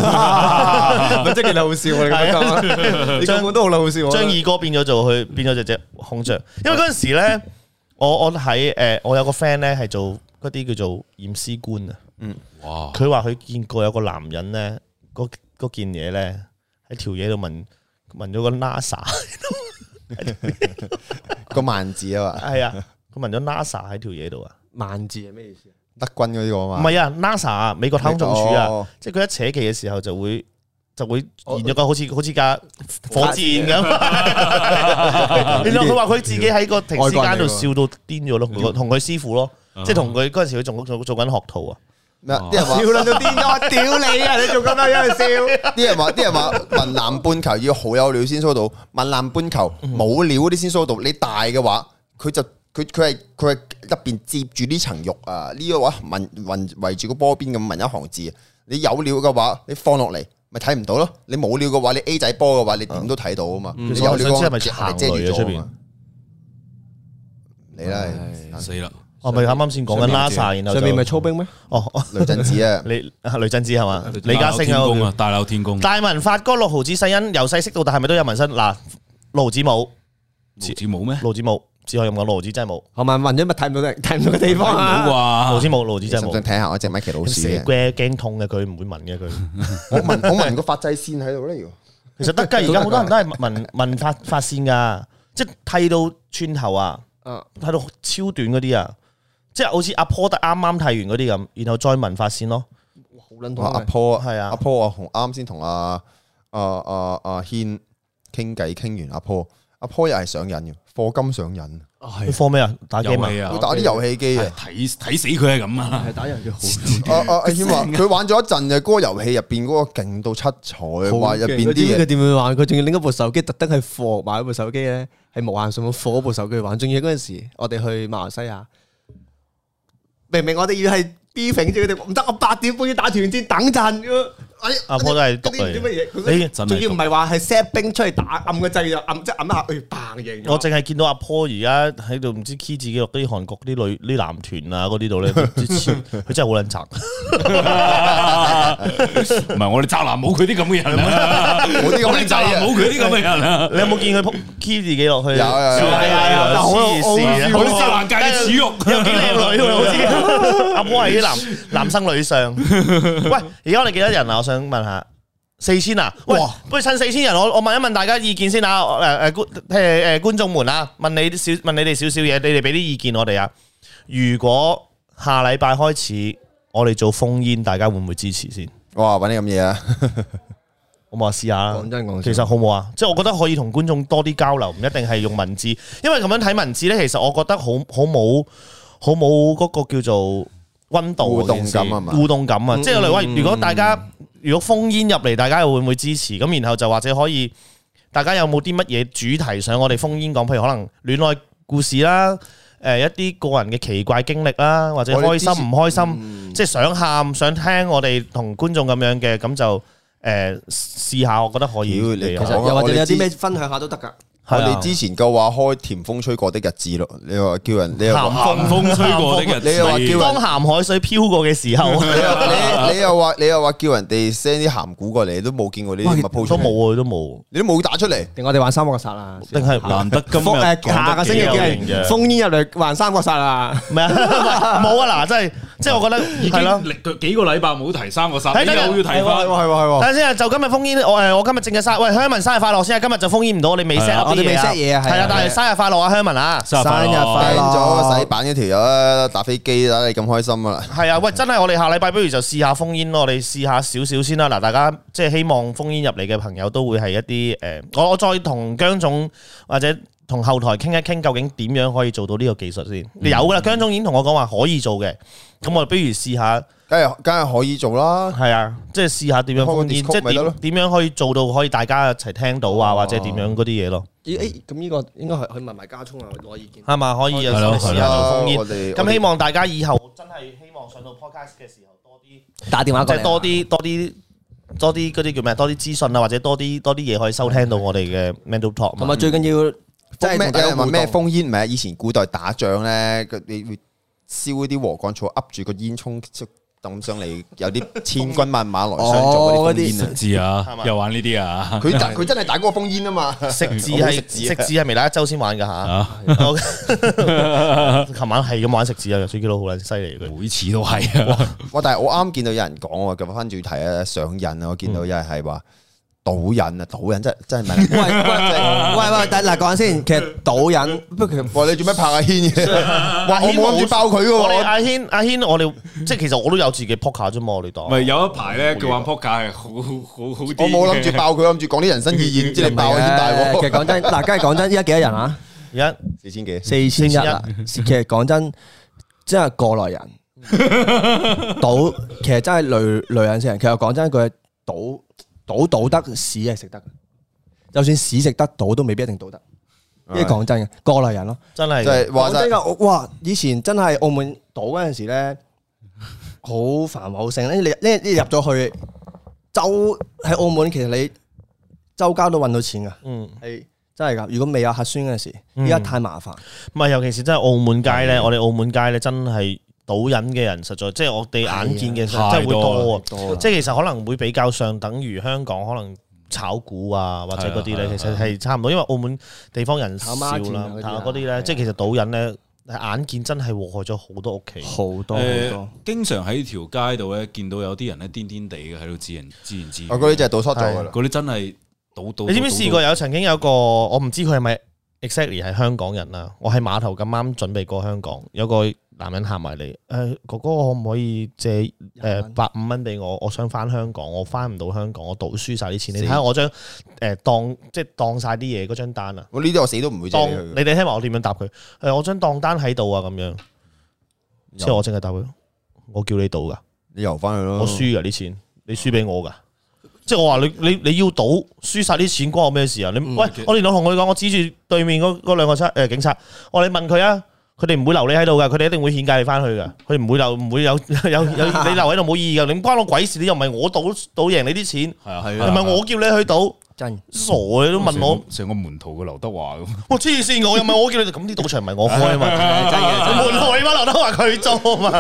Speaker 1: 真係好笑。你咁講，根本都好老笑，張二哥變咗做佢變咗隻隻孔雀，因為嗰陣時咧，我我喺誒我有個 friend 咧係做。嗰啲叫做驗屍官啊，嗯，哇！佢話佢見過有個男人咧，嗰件嘢咧喺條嘢度問問咗個 NASA
Speaker 2: 個萬字啊，嘛，係啊，佢問咗 NASA 喺條嘢度啊，萬字係咩意思德軍嗰啲我啊，唔係啊
Speaker 1: ，NASA 美國太空總署啊，即係佢一扯旗嘅時候就會就會連咗個好似好似架火箭咁。原來佢話佢自己喺個停屍間度笑到癲咗咯，同同佢師傅咯。即係同佢嗰
Speaker 2: 陣時，佢仲做做緊學徒啊！咩？啲人笑到癲咗，屌你啊！你仲咁喺度笑？啲人話，啲人話，雲南半球要好有料先收到，雲南半球冇料嗰啲先收到。你大嘅話，佢就佢佢係佢係入邊接住呢層肉啊！呢個話文云圍住個波邊咁問一行字。你有料嘅話，你放落嚟咪睇唔到咯。你冇料嘅話，你 A 仔波嘅話，你點都睇到啊嘛。你有料先係咪行遮住咗？你咧
Speaker 1: 死啦！
Speaker 4: 我係咪啱啱先講緊
Speaker 1: 拉薩，然後上面咪操兵咩？哦，雷震子啊，李雷震子係嘛？李嘉誠啊，大鬧天宮。大文發哥，六毫子聲音，由細識到大，係咪都有紋身？嗱，老子冇，老子冇咩？老子冇只可以咁講，老子真係冇。係咪紋咗咪睇唔到，睇唔到嘅地方啊！老子冇，老
Speaker 2: 子真係冇。想睇下我隻米奇老師，
Speaker 1: 驚痛嘅佢唔會紋嘅佢。我紋，我紋個
Speaker 2: 髮際線喺度咧。其實得㗎，而家好多人都係
Speaker 1: 紋紋髮髮線㗎，即係剃到寸頭啊，剃到超短嗰啲啊。即係好似阿坡
Speaker 2: 得啱啱睇完嗰啲咁，然後再問發先咯。阿坡係啊，阿坡啊，同啱先同阿阿阿阿軒傾偈，傾完阿坡，阿坡又係上癮嘅，課金上癮。係課咩啊？打機啊？佢打啲遊戲機，睇
Speaker 4: 睇死佢係咁啊！係打遊戲好。阿軒
Speaker 2: 佢玩咗一陣嘅嗰個遊戲入邊嗰個勁到七彩，話入邊啲嘢。佢點
Speaker 3: 樣玩？佢仲要拎一部手機特登去課，
Speaker 2: 買一部手機咧，
Speaker 3: 係無限上分課嗰部手機玩。仲要嗰陣時，我哋去馬來西亞。明明我哋要係 B 屏住佢哋地方，唔得，我八點半要打團戰，等陣。
Speaker 1: 阿婆都係篤嚟，仲要唔
Speaker 3: 係話係 set 冰出去打，暗個掣就按即係按下，佢扮型。我
Speaker 1: 淨係見到阿婆而家喺度唔知 key 自己落啲韓國啲女啲男團啊嗰啲度咧，佢真係好撚
Speaker 5: 賊，
Speaker 1: 唔係我哋渣男冇佢啲咁嘅人，我哋我哋渣男冇佢啲咁嘅人啊！你有冇見佢 key 自己落去？有有有，嗱好有意思啊！我哋宅男界嘅恥辱，有幾靚女啊？好似阿婆係啲男男生女相。喂，而家我哋幾多人啊？想問下四千啊？喂，不如趁四千人，我我問一問大家意見先啊！誒、呃、誒，誒、呃、誒、呃，觀眾們啊，問你啲少，問你哋少少嘢，你哋俾啲意見我哋啊！如果下禮拜開始我哋做烽煙，大家會唔會支持先？哇，搵啲咁嘢啊！好唔好啊？試下講真講真，其實好唔好啊？即係 我覺得可以同觀眾多啲交流，唔一定係用文字，因為咁樣睇文字咧，其實我覺得好好冇，好冇嗰個叫做温度互動感啊嘛，互動感啊！吧即係例如如果大家如果封煙入嚟，大家又會唔會支持？咁然後就或者可以，大家有冇啲乜嘢主題想我哋封煙講？譬如可能戀愛故事啦，誒、呃，一啲個人嘅奇怪經歷啦，或者開心唔開心，嗯、即係想喊、想聽我哋同觀眾咁樣嘅，咁就誒試、呃、下，我覺得可以。其實又或者有啲咩分
Speaker 3: 享下都得噶。
Speaker 1: 我哋之
Speaker 2: 前嘅話開甜風吹過的日子咯，你話叫人你鹹風吹過的日子，你又話叫人當鹹海水飄過嘅時候，你又話你又話叫人哋 send 啲鹹鼓過嚟，都冇見過啲都冇啊，都冇，你都冇打出嚟。
Speaker 1: 定我哋玩三國殺啦，定係
Speaker 2: 難得噶嘛？下個星期幾？封
Speaker 1: 煙入嚟玩三國殺啦，唔係啊，冇啊，嗱，
Speaker 4: 即係即係，我覺得已經幾個禮拜冇提三國殺，我又要
Speaker 1: 睇翻。等下先啊，就今日封煙，我誒，我今日淨係殺，喂，想問殺日快樂先啊，今日就封煙唔到，你未 send。你未識嘢啊？係啊！但係生日快樂啊 s 文啊！生日
Speaker 2: 快樂、啊！做個洗版嗰條友啦，啊啊、打飛機啦、啊，你咁開心啊！
Speaker 1: 係啊！喂，真係我哋下禮拜不如就試下烽煙咯，我哋試下少少先啦。嗱，大家即係希望烽煙入嚟嘅朋友都會係一啲誒，我我再同姜總或者同後台傾一傾，究竟點樣可以做到呢個技術先？你有㗎啦，嗯、姜總已經同我講話可以做嘅，咁我就不如試下。梗係梗係可以做啦，係啊，即係試下點樣烽煙，即係點樣可以做到可以大家一齊聽到啊，或者點樣嗰啲嘢咯。
Speaker 3: 咦？咁呢個應
Speaker 1: 該係去問埋加聰啊，可以見係嘛？可以啊，係咯，烽煙。咁希望大家以後真係希望上到 podcast 嘅時候
Speaker 4: 多啲打電話，即係多
Speaker 1: 啲多啲多啲嗰啲叫咩？多啲資訊啊，或者多啲多啲嘢可以收聽到我哋嘅 mental talk。同埋最緊要
Speaker 2: 即係有冇咩烽煙？唔係以前古代打仗咧，佢你會燒一啲禾杆草噏住個煙囪凍上嚟有啲千軍萬馬來相助嘅烽煙啊！知啊，
Speaker 1: 又玩呢啲啊！佢真佢真
Speaker 2: 係打嗰個烽煙啊嘛！食字係食字係未？
Speaker 1: 打一周先玩噶吓。琴晚係咁玩食字啊！衰機佬好撚犀利，
Speaker 2: 每次都係、啊。哇！但係我啱見到有人講，我夾翻主題啊！上癮啊！我見到有人係話。嗯賭癮啊，賭癮真真係咪？喂喂，喂，但嗱講先，其實賭癮，喂你做咩拍阿軒嘅？我
Speaker 1: 冇諗住爆佢喎，阿軒阿軒，我哋即係其實我都有自己撲下啫嘛，我哋當。咪有一排咧，佢玩撲
Speaker 4: 克係好好好。我冇諗住爆
Speaker 2: 佢，諗住講啲人生意義，即係爆阿軒。其實講真，嗱，梗係
Speaker 3: 講真，依家幾多人
Speaker 1: 啊？
Speaker 2: 而家四千幾，四千一。其
Speaker 3: 實講真，真係過來人賭，其實真係女女人先。其實講真，佢係賭。賭賭得屎係食得，嘅，就算屎食得到都未必一定賭得，即係講真嘅，過嚟人咯，真係講、就是、真噶，哇！以前真係澳門賭嗰陣時咧，好繁華好盛咧，你咧你入咗去，周喺澳門其實你周家都搵到錢噶，係、嗯、真係噶。如果未有核酸嗰陣時，
Speaker 1: 依家太麻煩。唔係、嗯，尤其是真係澳門街咧，我哋澳門街咧真係。賭癮嘅人實在，即係我哋眼見嘅，即係會多，多多即係其實可能會比較上等於香港可能炒股啊或者嗰啲咧，啊啊、其實係差唔多，因為澳門地方人少啦，嗰啲咧，即係其實賭癮咧，眼見真係禍害咗好多屋企，好多好、呃、
Speaker 4: 經常喺條街度咧見到有啲人咧癲癲地嘅喺度自言自言自語，嗰啲、啊、就係倒咗，嗰啲真係賭賭。啊、你知唔知試過有曾
Speaker 1: 經有個我唔知佢係咪 exactly 係香港人啊？我喺碼頭咁啱準備過香港有個。男人喊埋你，誒、哎、哥哥，我可唔可以借誒、呃、百五蚊俾我？我想翻香港，我翻唔到香港，我賭輸晒啲錢。死你睇下我張誒、欸、當即係當晒啲嘢嗰張單啊！呢啲我死都唔會當。你哋聽埋我點樣答佢？誒、哎，我張當單喺度啊，咁樣，即係我即刻答佢。我叫你賭噶，你又翻去咯。嗯、我輸噶啲錢，你輸俾我噶。即係我話你，你你要賭輸晒啲錢關我咩事啊？你喂，我連老同佢講，我指住對面嗰嗰兩個差誒警察，哎呃、我你問佢啊。佢哋唔會留你喺度㗎，佢哋一定會遣介你返去㗎。佢哋唔會留，唔會有，有，有，有你留喺度冇意義㗎。你關我鬼事？你又唔係我賭賭贏你啲錢，係啊係、啊啊、唔係
Speaker 4: 我叫你去賭。傻你都問我成個門徒嘅劉德華咁，
Speaker 1: 我黐線，我又唔係我叫你哋咁啲賭場唔係我開嘛，門徒嘛劉德華佢做嘛，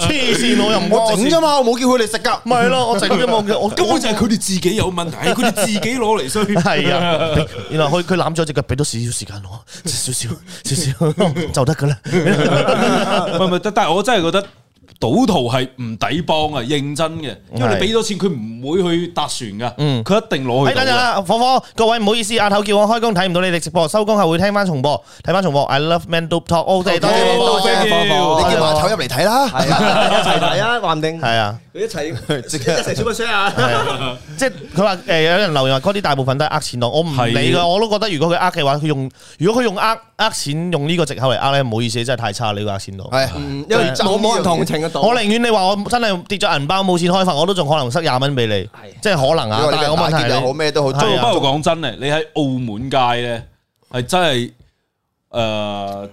Speaker 1: 黐線我又唔會整咋嘛，我冇叫佢哋食噶，唔係咯，我整都冇嘅，根本就係佢
Speaker 4: 哋自己有問題，佢哋自己攞嚟衰，係啊，
Speaker 1: 然後佢佢攬咗隻腳俾多少少時間我，少少少少就得噶啦，
Speaker 4: 係唔係？但係我真係覺得。賭徒係唔抵幫啊，認真嘅，因為你俾咗錢，佢唔會去搭船噶，佢一定攞去！等陣
Speaker 1: 啊，火火，各位唔好意思，阿頭叫我開工睇唔到你哋直播，收工後會聽翻重播，睇翻重播。I love man do talk all day, 多謝多謝，你叫阿頭入嚟睇啦，一齊睇啊，萬定係啊，佢一齊直接一齊出部 s 啊，即係佢話誒，有人留言話嗰啲大部分都係呃錢黨，我唔理噶，我都覺得如果佢呃嘅話，佢用如果佢用呃呃錢用呢個借口嚟呃咧，唔好意思，真係太差你個呃錢黨，因為冇冇人同。我寧願你話我真係跌咗銀包冇錢開發，我都仲可能塞廿蚊俾你，哎、呀即係可
Speaker 2: 能啊！但係個問題咧，我咩都好，啊、不過
Speaker 4: 講真咧，你喺澳門街咧，係真係誒、呃、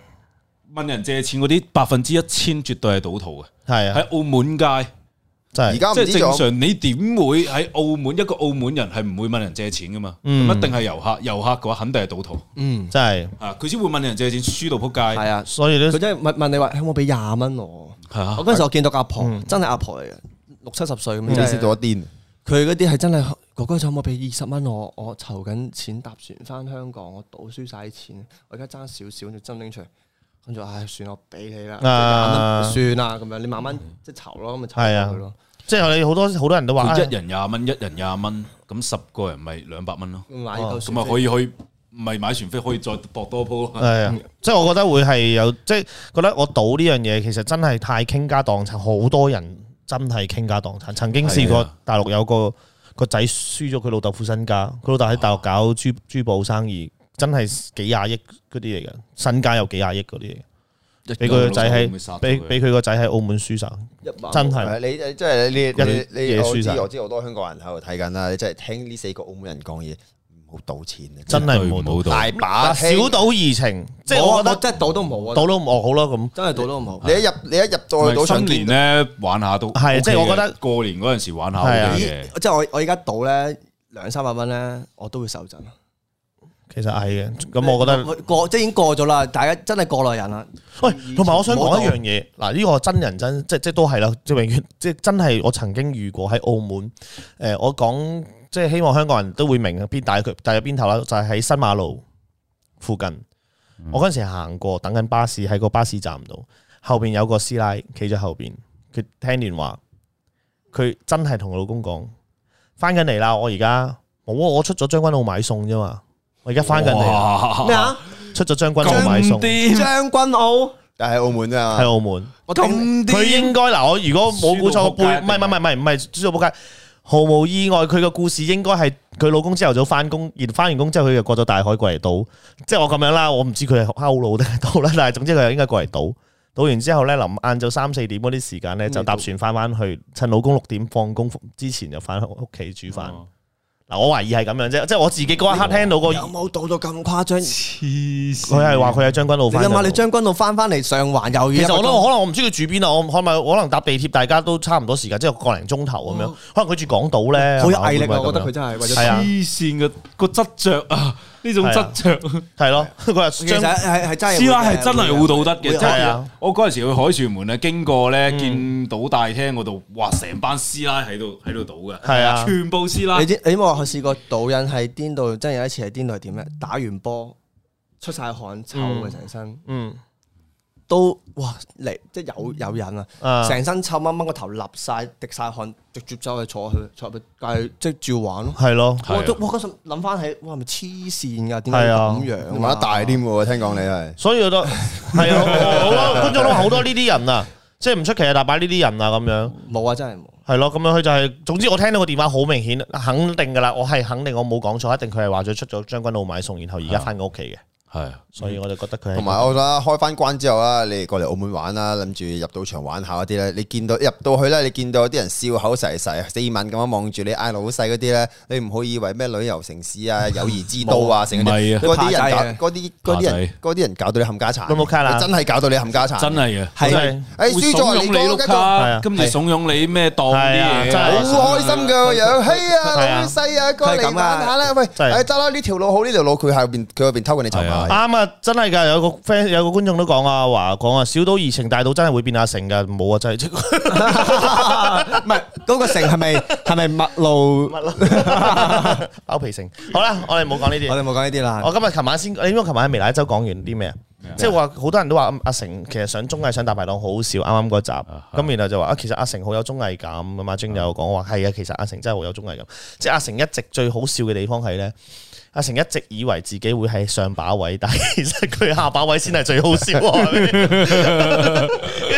Speaker 4: 問人借錢嗰啲百分之一千絕對係賭徒嘅，係喺、啊、澳門街。真係，即係正常，你點會喺澳門一個澳門人係唔會問人借錢噶嘛？咁、嗯、一定係遊客，遊客嘅話肯定係賭徒。嗯，真係，啊，佢先會問人借錢輸到扑街。係啊，所
Speaker 3: 以咧，佢真係問問你話，有冇俾廿蚊我？
Speaker 4: 係啊，我嗰陣時我見到阿婆，婆，嗯、
Speaker 3: 真係阿婆嚟嘅，六七十歲咁樣，嗯就是、你識咗癲？佢嗰啲係真係，哥哥有冇俾二十蚊我？我籌緊錢搭船翻香港，我賭輸晒啲錢，我而家爭少少，跟住爭拎出嚟。跟住，唉，算我俾你啦，算啦，咁樣你慢慢、嗯、即係籌咯，咁咪籌落去咯。
Speaker 1: 即係你好多好多
Speaker 3: 人都話，一
Speaker 4: 人廿蚊，一人廿蚊，咁十個人咪兩百蚊咯。咁啊可以去，唔係買船飛，可以再博多鋪。係、嗯、
Speaker 1: 啊，即係、嗯、我覺得會係有，即係覺得我賭呢樣嘢，其實真係太傾家蕩產。好多人真係傾家蕩產。曾經試過大陸有個個仔輸咗佢老豆父身家，佢老豆喺大陸搞珠珠寶生意。真係幾廿億嗰啲嚟嘅，身家有幾廿億嗰啲嘅，俾佢個仔喺俾俾佢個仔喺澳門輸晒，真係你即係呢你你輸晒，我知
Speaker 2: 好多香港人喺度睇緊啦。你真係聽呢四個澳門人講嘢，唔好賭錢，真係唔好賭大把小賭
Speaker 4: 怡情，
Speaker 3: 即係我覺得
Speaker 1: 即係賭都唔
Speaker 2: 好，
Speaker 4: 賭都唔好，好啦咁，
Speaker 1: 真
Speaker 2: 係賭都唔好。你一入你一入
Speaker 4: 到新年咧，玩下都係即係我覺得過年嗰陣時玩下啲嘢。
Speaker 3: 即係我我依家賭咧兩三百蚊咧，我都會手震。
Speaker 4: 其實係嘅，咁我覺得
Speaker 3: 過,過即已經過咗啦。大家真係過來人啦。喂、哎，同埋以我想講了一樣嘢
Speaker 1: 嗱，呢、這個真人真即即都係啦，即永遠即真係我曾經遇過喺澳門誒、呃，我講即係希望香港人都會明邊大佢大入邊頭啦，就係、是、喺新馬路附近。嗯、我嗰陣時行過，等緊巴士喺個巴士站度，後邊有個師奶企咗後邊，佢聽電話，佢真係同老公講翻緊嚟啦。我而家我我出咗將軍澳買餸啫嘛。而家翻緊嚟咩啊？哇出咗將軍澳買餸，
Speaker 2: 將軍澳，但喺澳門啫嘛，喺澳門。我驚
Speaker 1: 佢應該嗱，我如果冇估錯背，唔係唔係唔係唔係輸到仆街，毫無意外，佢個故事應該係佢老公朝頭早翻工，而翻完工之後佢就過咗大海過嚟賭，即係我咁樣啦。我唔知佢係摳佬定係賭啦，但係總之佢又應該過嚟賭。賭完之後咧，臨晏晝三四點嗰啲時間咧，就搭船翻翻去，趁老公六點放工之前就翻屋企煮飯。嗯我懷疑係咁樣啫，即係我自己嗰一刻聽到個、哎、有
Speaker 3: 冇到到咁誇張？黐線！佢係話佢喺將軍澳返，你阿媽將軍澳返返嚟上環又遠。其實我都可
Speaker 1: 能我唔知佢住邊啊，我可唔可能搭地鐵大家都差唔多時間，即、就、係、是、個零鐘頭咁樣。哦、可能佢住港島咧，好、哦、有毅力啊！我覺得佢真係為
Speaker 4: 咗黐線嘅個執著啊！呢種執着係咯，佢係係真係師奶係真係好道德嘅。係啊，我嗰陣時去海泉門咧，經過咧，見到大廳嗰度，哇，成班師奶喺度喺度賭嘅，係啊，全部師奶。你知
Speaker 3: 你有冇去試過賭癮？喺邊度？真係有一次喺邊度？係點咧？打完波出晒汗，臭嘅成身嗯。嗯。都哇嚟，即係有有癮啊！成身臭掹掹個頭立晒滴晒汗，直接走去坐去坐去，但係即照
Speaker 1: 玩咯。係咯，我都
Speaker 3: 我嗰陣諗翻起，哇！係咪黐線噶？點解咁樣？玩得
Speaker 1: 大啲喎，聽講你係。所以我都係啊，好多觀眾都好多呢啲人啊，即係唔出奇啊！大把呢啲人啊咁樣。冇啊，真係冇。係咯，咁樣佢就係。總之我聽到個電話好明顯，肯定噶啦，我係肯定我冇講錯，一定佢係話咗出咗將軍澳買餸，然後而家翻到屋企嘅。係，所以我就覺得佢同埋我
Speaker 2: 啦，開翻關之後啊，你過嚟澳門玩啦，諗住入到場玩下嗰啲咧，你見到入到去咧，你見到啲人笑口噬噬，四萬咁樣望住你，嗌老細嗰啲咧，你唔好以為咩旅遊城市啊，友誼之都啊，成啲嗰啲嗰啲人，啲人搞到你冚家鏟，真係搞到你冚家鏟，真係嘅，係誒，輸咗你六卡，跟住慫
Speaker 4: 恿你咩檔啲嘢，好開心
Speaker 2: 嘅樣，嘿啊，老細啊，過嚟玩下啦，喂，誒得啦，呢條路好，呢條路佢下邊佢下邊偷緊你籌碼。啱
Speaker 1: 啊，真係噶，有個 friend 有個觀眾都講啊，話講啊，小島移情，大島真係會變成阿成噶，冇啊，真係，唔係，嗰 個城係咪係咪麥路包皮城？好啦，我哋冇講呢啲，我哋冇講呢啲啦。我今日琴晚先，你應該琴晚喺微娜州講完啲咩的即係話好多人都話阿成，其實上綜藝上大排檔好好笑。啱啱嗰集，咁然後就話啊，其實阿成好有綜藝感。阿 Mike 又講話係啊，其實阿成真係好有綜藝感。即係阿成一直最好笑嘅地方係咧。阿成一直以為自己會係上把位，但其實佢下把位先係最好笑。跟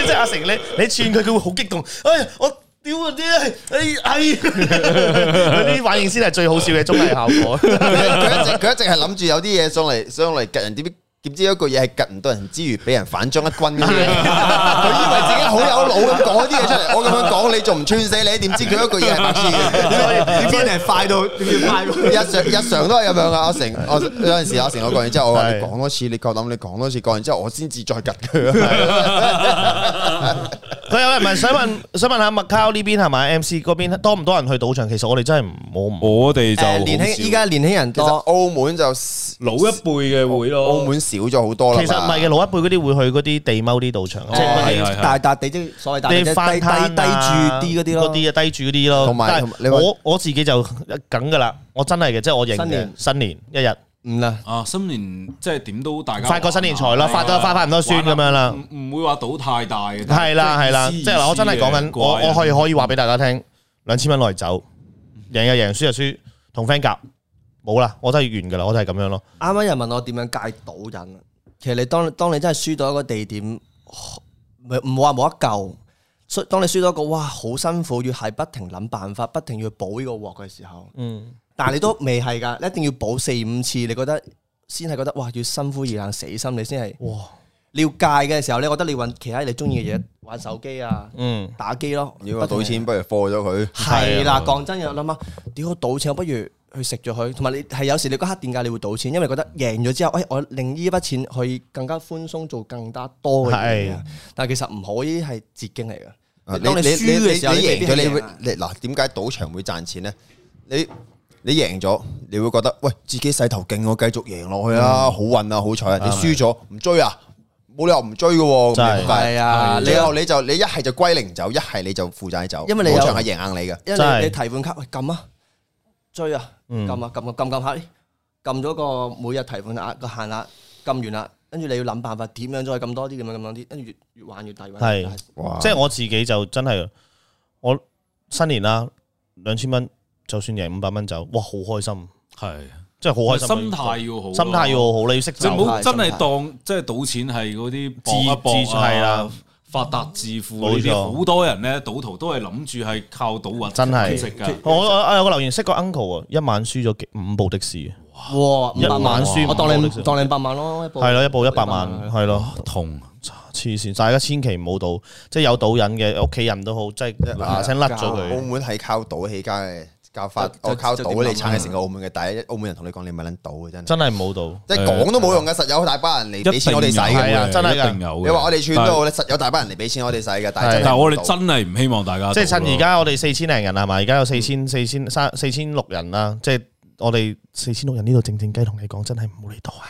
Speaker 1: 住阿成，你你串佢佢會好激動。
Speaker 2: 哎呀，我屌
Speaker 1: 嗰啲係，哎哎，嗰啲
Speaker 2: 反應先係最好笑嘅綜藝效果。佢 一直佢一直係諗住有啲嘢，上嚟上嚟夾人點。點知一句嘢係及唔到人之餘，俾人反將一軍咁樣。佢以為自己好有腦咁講啲嘢出嚟。我咁樣講，你仲唔穿死你？點知佢一句嘢係白痴嘅？點知係快到點知快？日常日常都係咁樣噶。阿成，我有陣時阿成，我講完之後，我話你講多次，你夠膽你講多次，講完之後我先至再及佢。
Speaker 1: 佢有人問，想問想問下麥卡呢邊係咪 M C 嗰邊多唔多人去賭場？其實我哋真係唔我我哋就年輕。依
Speaker 2: 家年輕人多，澳門就老一輩嘅會咯，澳門。少咗好多啦。其實唔
Speaker 1: 係嘅，老一輩嗰啲會去嗰啲地踎啲賭場，即係大
Speaker 3: 笪地，即係所謂大笪地低住啲嗰啲咯，嗰啲啊
Speaker 1: 低住嗰啲咯。但係我我自己就梗噶啦，我真係嘅，即係我贏新年，新年一日唔啦啊，新年
Speaker 4: 即係點都大家發個新年財啦，發到發翻唔多孫咁樣啦，唔會話賭太大嘅。係啦係啦，即係我真係講緊，我我可以可以
Speaker 1: 話俾大家聽，兩千蚊嚟走，贏就贏，輸就輸，同 friend 夾。冇啦，我真係完噶啦，我就係咁樣咯。啱啱
Speaker 3: 又問我點樣戒賭癮啊？其實你當當你真係輸到一個地點，唔好話冇得救。所以當你輸到一個哇，好辛苦，要係不停諗辦法，不停要補呢個鑊嘅時候，嗯，但係你都未係噶，你一定要補四五次，你覺得先係覺得哇，要心灰意冷、死心，你先係哇。你要戒嘅時候你我覺得你搵其他你中意嘅嘢，玩手機啊，嗯，打機咯。呢個賭錢不
Speaker 2: 如放咗佢。係啦，講
Speaker 3: 真嘅，我諗啊，屌，賭錢不如。去食咗佢，同埋你係有時你嗰刻點解你會賭錢？因為覺得贏咗之後，哎，我令呢筆錢可以更加寬鬆做更加多嘅嘢啊！但係其實唔可以係捷徑嚟
Speaker 2: 嘅。你你你你贏咗你會你嗱點解賭場會賺錢咧？你你贏咗你會覺得喂自己勢頭勁，我繼續贏落去啊！好運啊，好彩啊！你輸咗唔追啊？冇理由唔追㗎喎，係啊！你又你就你一係就歸零走，一係你就負債走。因為你賭場係贏硬你嘅，因為你提款卡喂撳啊！
Speaker 3: 追啊，撳啊，撳啊，撳撳下，撳咗、啊、個每日提款嘅額個限額，撳完啦，跟住你要諗辦法點樣再撳多啲，咁樣撳多啲，跟住越，越玩越大，係，即係我
Speaker 1: 自己就真係，我新年啦，兩千蚊就算贏五百蚊走，哇，好開心，係，真係好開心，心態要好，心態要好啦，啊、你要識，你唔好真係
Speaker 4: 當即係賭錢係嗰啲自自係啦。發達致富嗰啲，好錯多人咧，賭徒都係諗住係靠賭啊！真係的，我
Speaker 1: 啊，我有個留言識個 uncle 啊，一晚輸咗五部的士
Speaker 4: 哇，一晚輸，我當你當你百萬咯，
Speaker 1: 係咯，一部一百萬，係咯，同了，黐線、啊！大家千祈唔好賭，即係有賭癮嘅屋企人都好，即係嗱聲甩咗佢。澳
Speaker 2: 門係靠賭起家。教法我靠賭嚟撐起成個澳門嘅第一，澳門人同你講，你咪諗賭嘅，真係，真係冇到。即係講都冇用嘅，實有大班人嚟俾錢我哋使嘅，係啊，真係一定有嘅。你話我哋串都好咧，實有大班人嚟俾錢我哋使嘅，但
Speaker 1: 係我哋真係唔希
Speaker 4: 望大家即係趁而家
Speaker 1: 我哋四千零人係嘛，而家有四千四千三四千六人啦，即係。我哋四千六人呢度靜靜雞，同你講真係唔好嚟
Speaker 4: 到啊！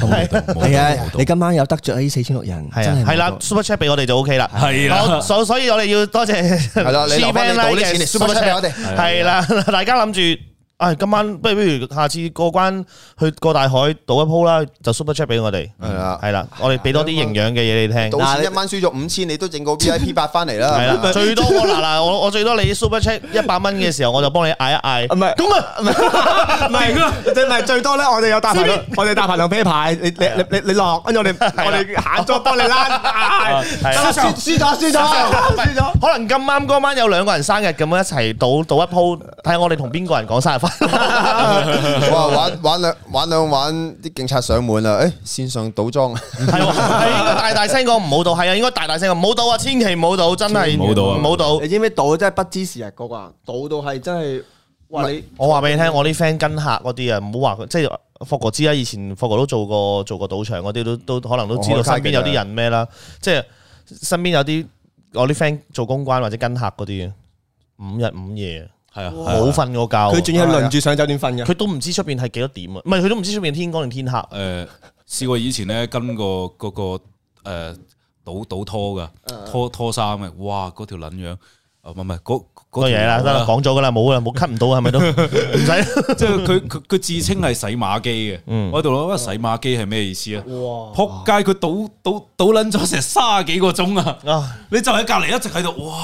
Speaker 4: 係，
Speaker 1: 係啊，你今晚有得着呢四千六人，係啊的，係啦，super chat 俾我哋就 O K 啦，係啦對，所的所以我哋要多謝，係啦，你攞翻啲錢 super chat 俾我哋，係啦，大家諗住。啊！今晚不不如下次過關去過大海賭一鋪啦，就 Super Chat 俾我哋係啦，係啦，我哋俾多啲營養嘅嘢你聽。到時，一
Speaker 2: 晚輸咗五千，你都整個 VIP 八翻嚟啦。係啦，最
Speaker 1: 多嗱嗱，我我最多你 Super Chat 一百蚊嘅時候，我就幫你嗌一嗌。唔係，
Speaker 3: 咁啊，唔係，唔係，即係
Speaker 1: 咪最多咧？我哋有大牌，我哋大牌亮啤
Speaker 3: 牌，你你
Speaker 1: 你你你落，跟住我哋我
Speaker 3: 哋下再幫你拉大。輸咗，輸咗，
Speaker 1: 輸咗，輸咗。可能咁啱嗰晚有兩個人生日，咁樣一齊賭賭一鋪，睇下我哋同邊個人講
Speaker 2: 生日花。哇！ 玩兩玩兩玩兩玩，啲警察上門啦！誒、哎，線上賭莊
Speaker 1: 啊，係 應該大大聲講唔好賭，係啊，應該大大聲講唔好賭啊！千祈唔好賭，賭
Speaker 3: 啊、真係唔好賭，你知唔知賭真係不知時日噶啩，賭到係真係，
Speaker 1: 哇！是你我話俾你聽，我啲 friend 跟客嗰啲啊，唔好話佢，即、就、係、是、霍國知啊，以前霍國都做過做過賭場，嗰啲都都可能都知道身邊有啲人咩啦，即係、就是、身邊有啲我啲 friend 做公關或者跟客嗰啲啊，五日五夜。冇瞓、啊、過覺，佢仲要
Speaker 4: 輪住上酒店瞓嘅，佢
Speaker 1: 都唔知出邊係幾多點啊！唔
Speaker 4: 係，佢都唔知出邊天光定天黑。誒、呃，試過以前咧跟過、嗰個嗰個誒賭賭拖㗎，拖拖衫嘅，哇！嗰條撚樣，唔係唔係嗰。嗰個嘢啦，得啦，講
Speaker 1: 咗噶啦，冇啦，冇咳唔到係咪都？唔
Speaker 4: 使， 即係佢佢自稱係洗碼機嘅，嗯，我喺度諗，洗碼機係咩意思啊？哇！仆街，佢倒倒倒捻咗成卅幾個鐘啊！你就喺隔籬一直喺度，哇！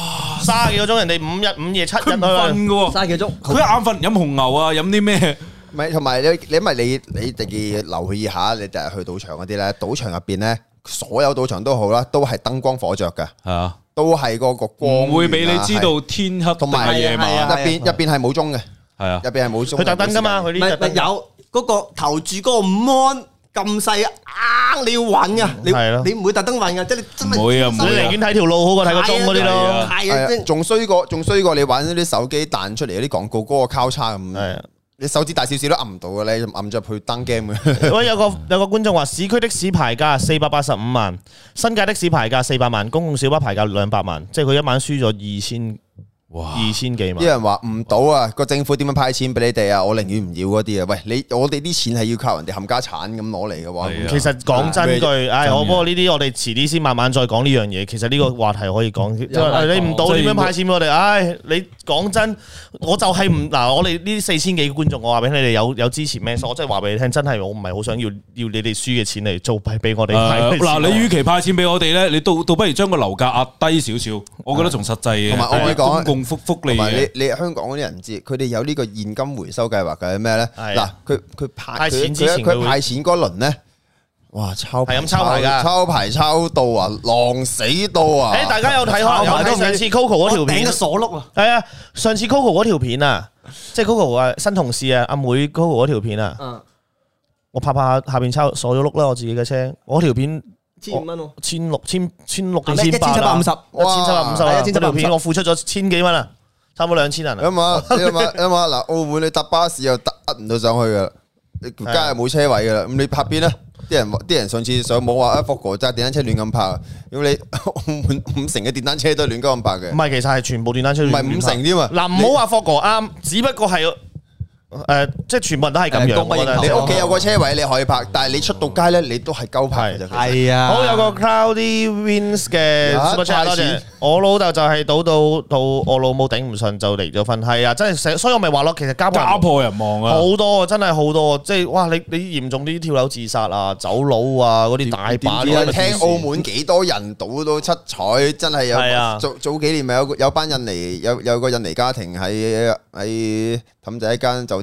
Speaker 4: 卅幾個鐘，人哋五日五夜七日都瞓嘅，卅幾個鐘，佢一晏瞓飲紅牛啊，飲啲咩？
Speaker 2: 係，同埋你你咪你你特別留意下，你就係去賭場嗰啲咧，賭場入邊咧，所有賭場都好啦，都係燈光火著嘅，係都係個個光，唔會俾你知道
Speaker 4: 天黑，同埋夜晚入邊，
Speaker 2: 入邊係冇鐘嘅，係啊，入邊係冇鐘。佢特登噶嘛，佢呢度有
Speaker 3: 嗰個投住嗰個五安咁細
Speaker 2: 啊！你要揾噶，你你唔
Speaker 3: 會特登揾噶，即係真係唔會噶，唔會寧願睇條路好過睇個鐘嗰啲咯，係啊，
Speaker 2: 仲衰過仲衰過你玩啲手機彈出嚟啲廣告嗰個交叉咁。你手指大少少都按唔到嘅咧，你就按着去登 game 嘅。喂，有個有個觀眾話，市
Speaker 1: 區的士牌價四百八十五萬，新界的士牌價四百萬，公共小巴牌價兩百萬，即係佢一晚輸咗二千。哇，二千幾萬，啲
Speaker 2: 人話唔到啊！個政府點樣派錢俾你哋啊？我寧願唔要嗰啲啊！喂，你我哋啲錢係要靠人哋冚家產咁攞嚟嘅話，其實講真句，唉，我不
Speaker 1: 過呢啲我哋遲啲先慢慢再講呢樣嘢。其實呢個話題可以講，嗯、你唔到點樣派錢俾我哋？唉、嗯哎，你講真，我就係唔嗱，我哋呢四千幾個觀眾，我話俾你哋有有支持咩？我真係話俾你聽，真係我唔係好想要要你哋輸嘅錢嚟做
Speaker 4: 派俾我哋。嗱、嗯呃呃，你與其派錢俾我哋咧，你到倒，倒不如將個樓價壓低少少。我覺得仲實際同埋、嗯、我嚟复复你
Speaker 2: 你香港嗰啲人知，佢哋有呢個現金回收計劃嘅咩咧？嗱，佢佢派佢佢派錢嗰輪咧，哇！抄係咁抄牌噶，抄牌抄到啊，狼死到啊！誒、欸，大家有睇開？有
Speaker 1: 睇牌上次 Coco 嗰條片？一鎖碌啊！係啊，上次 Coco 嗰條片啊， 即係 CO Coco 啊新同事啊阿妹 Coco 嗰條片啊， 我拍拍下下邊抄鎖咗碌啦，我自己嘅車，我條片。千蚊喎，千六千千六千五千七百五十，一千七百五十一千七百五十，我付出咗千幾蚊啦，差唔多兩千銀啦。咁啊，咁
Speaker 2: 啊，嗱，澳門你搭巴士又搭唔到上去噶，加又冇車位噶啦，咁你拍邊咧？啲人啲人上次上網話，啊福哥揸電單車亂咁拍，咁你五五成嘅電單車都亂咁拍嘅。唔
Speaker 1: 係，其實係全部電單車，唔
Speaker 2: 係五成添啊。
Speaker 1: 嗱，唔好話福哥啱，只不過係。
Speaker 2: 誒，即係全部人都係咁樣。你屋企有個車位你可以泊，但係你出到街咧，你都係鳩泊嘅啫。係啊，好有個
Speaker 1: Cloudy winds
Speaker 2: 嘅，多謝多謝。
Speaker 1: 我老豆就係賭到到，我老母頂唔順就離咗婚。係啊，真係成，所以我咪話咯，其實家家破人亡啊，好多啊，真係好多。即係哇，你你嚴重啲跳樓自殺啊、走佬
Speaker 2: 啊嗰啲大把。聽澳門幾多人賭到七彩，真係有啊。早早幾年咪有個有班印尼有有個印尼家庭喺喺氹仔一間酒。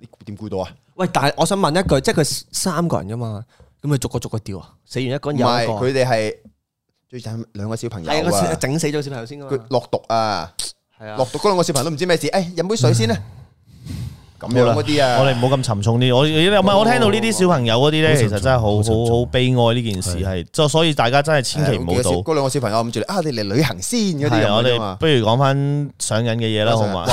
Speaker 2: 你點估到啊？
Speaker 3: 喂，但係我想問一句，即係佢三個人噶嘛？咁佢逐個逐個吊啊？死完一個，人是，個。唔係，佢哋
Speaker 2: 係最慘，兩個小朋友，啊。係，整、那個、死咗小朋友先佢、啊、落毒啊！係啊，落毒嗰兩個小朋友都唔知咩事。誒、哎，飲杯水先啦，啊。咁樣嗰啲啊，我哋
Speaker 1: 唔好咁沉重啲。我又唔係，我聽到呢啲小朋友嗰啲咧，其實真係好好悲哀呢件事係。就所以大家真係千祈唔好賭。嗰
Speaker 2: 兩個小朋友諗住啊，你嚟旅行先嗰啲咁啊嘛。不
Speaker 1: 如講翻上癮嘅嘢啦，好嘛？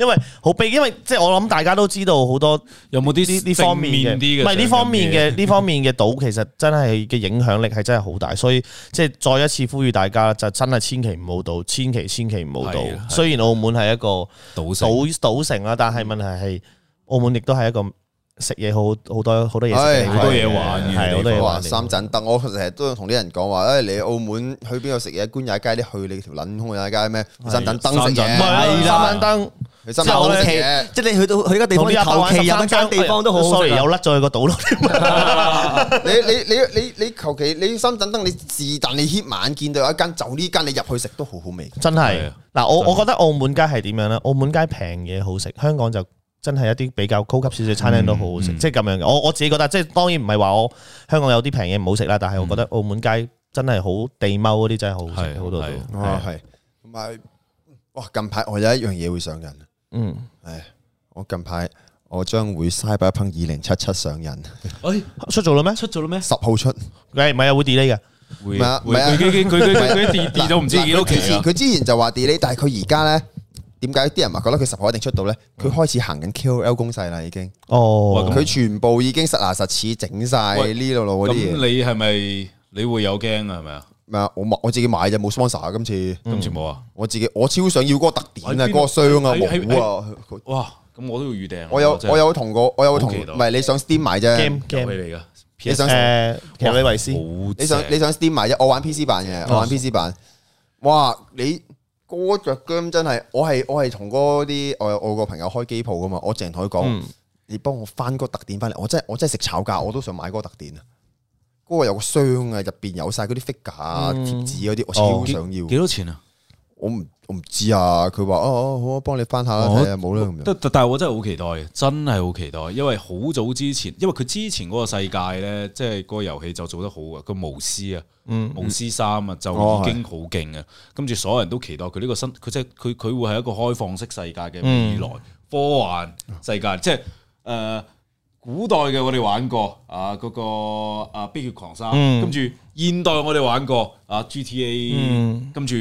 Speaker 1: 因為好悲，因為即係我諗大家都知道好多有冇啲呢方面嘅，唔係呢方面嘅呢方面嘅賭，其實真係嘅影響力係真係好大。所以即係再一次呼籲大家就真係千祈唔好賭，千祈千祈唔好賭。雖然澳門係一個賭城，賭城啦，但係。問題係澳門亦都係一個食嘢好好多好多嘢好、哎、多嘢玩，好的的多嘢玩。三
Speaker 2: 盞燈，我成日都同啲人講話：，誒，你澳門去邊度食嘢、官也街，你去你條撚空也街咩？三盞燈食嘅，三盞燈。求其，即係你去到去一個地方，求
Speaker 1: 其入一間地方都好好味，又甩咗個島咯。
Speaker 2: 你你你你你求其你心等等，你自但你 h i 眼見到有一間就呢間，你入去食都好好味。
Speaker 1: 真係嗱，我我覺得澳門街係點樣咧？澳門街平嘢好食，香港就真係一啲比較高級少少餐廳都好好食，即係咁樣嘅。我我自己覺得，即係當然唔係話我香港有啲平嘢唔好食啦，但係我覺得澳門街真係好地踎嗰啲真係好好食，好多都。係
Speaker 2: 同埋哇，近排我有一樣嘢會上癮。嗯，誒，我近排我將會 Cyberpunk 二零七七上人，誒，出咗啦咩？出咗啦咩？十號出，
Speaker 1: 誒，唔係啊，會 delay 噶，唔係啊，佢佢佢佢佢跌跌唔知佢
Speaker 2: 之前就話 delay，但係佢而家咧，點解啲人話覺得佢十號一定出到咧？佢開始行緊 KOL 攻勢啦，已經，哦，佢全部已經實牙實齒整晒喂，呢度路嗰啲你
Speaker 4: 係咪你會有驚啊？係咪啊？
Speaker 2: 咩啊？我我自己買啫，冇 sponsor 啊！今次今次冇啊！我自己我超想要嗰個特典啊，嗰個箱啊冇啊！
Speaker 4: 哇！咁我都要預訂。我有我有同個我有同唔係你想
Speaker 2: Steam 買啫？遊戲噶，你想誒《權利衛士》？你想你想 Steam 買啫？我玩 PC 版嘅，我玩 PC 版。哇！你嗰隻 game 真係我係我係同嗰啲我我個朋友開機鋪噶嘛？我淨係同佢講，你幫我翻個特典翻嚟，我真係我真係食炒價，我都想買嗰個特典啊！嗰個有個箱啊，入邊有晒嗰啲 figure 啊、貼紙嗰啲，我超想
Speaker 4: 要。幾多錢啊？我唔
Speaker 2: 我唔知啊。佢話哦哦好啊，幫你翻下啦。冇啦咁
Speaker 4: 樣。但但係我真係好期待，真係好期待。因為好早之前，因為佢之前嗰個世界咧，即係個遊戲就做得好啊。個巫師啊，巫師三啊就已經好勁啊。跟住，所有人都期待佢呢個新，佢即係佢佢會係一個開放式世界嘅未來科幻世界，即係誒。古代嘅我哋玩過啊，嗰個啊《喋血狂沙》。跟住現代我哋玩過啊《GTA》。跟住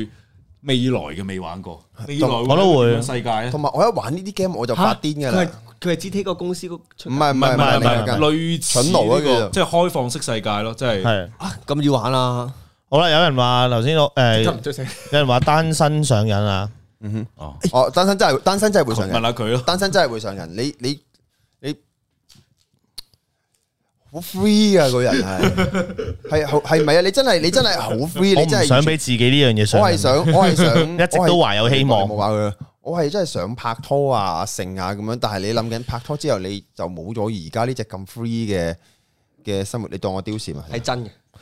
Speaker 4: 未來嘅未玩過，未來我都會世界
Speaker 2: 同埋我一玩呢啲 game 我就發癲㗎啦。佢係 GTA 個
Speaker 4: 公司個，唔係唔係唔係類蠢奴嗰個，即係開放式世界咯，即係係啊，
Speaker 1: 咁要玩啦。好啦，有人話頭先我誒有人話單身上癮
Speaker 2: 啊。嗯哼，哦哦，單身真係單身真係會上癮。問下佢咯，單身真係會上癮。你你。好 free 啊！個人係係係唔係啊？你真係你真係好 free，你真唔想俾自
Speaker 1: 己呢樣嘢，我係想，我係想，一直都懷有希望。我話佢，
Speaker 2: 我係真係想拍拖啊、性啊咁樣。但係你諗緊拍拖之後，你就冇咗而家呢隻咁 free 嘅嘅生活。你當我丟事啊，係真嘅。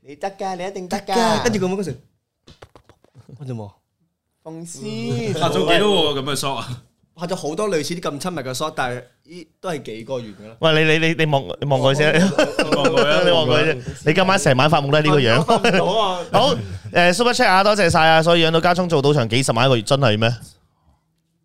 Speaker 3: 你得噶，你一定得噶。跟住佢冇嗰時，我做乜？放肆拍咗幾多咁嘅 shot 啊？拍咗好多類似啲咁親密嘅 shot，但係依都係幾個月
Speaker 1: 噶啦。喂，你你你你望你望佢先，望
Speaker 3: 佢啊！你
Speaker 4: 望
Speaker 1: 佢先。你今晚成晚發夢都係呢個樣。唔到啊！好，誒，Super Chat 啊，多謝晒啊！所以養到家中做賭場幾十萬一個月，真係咩？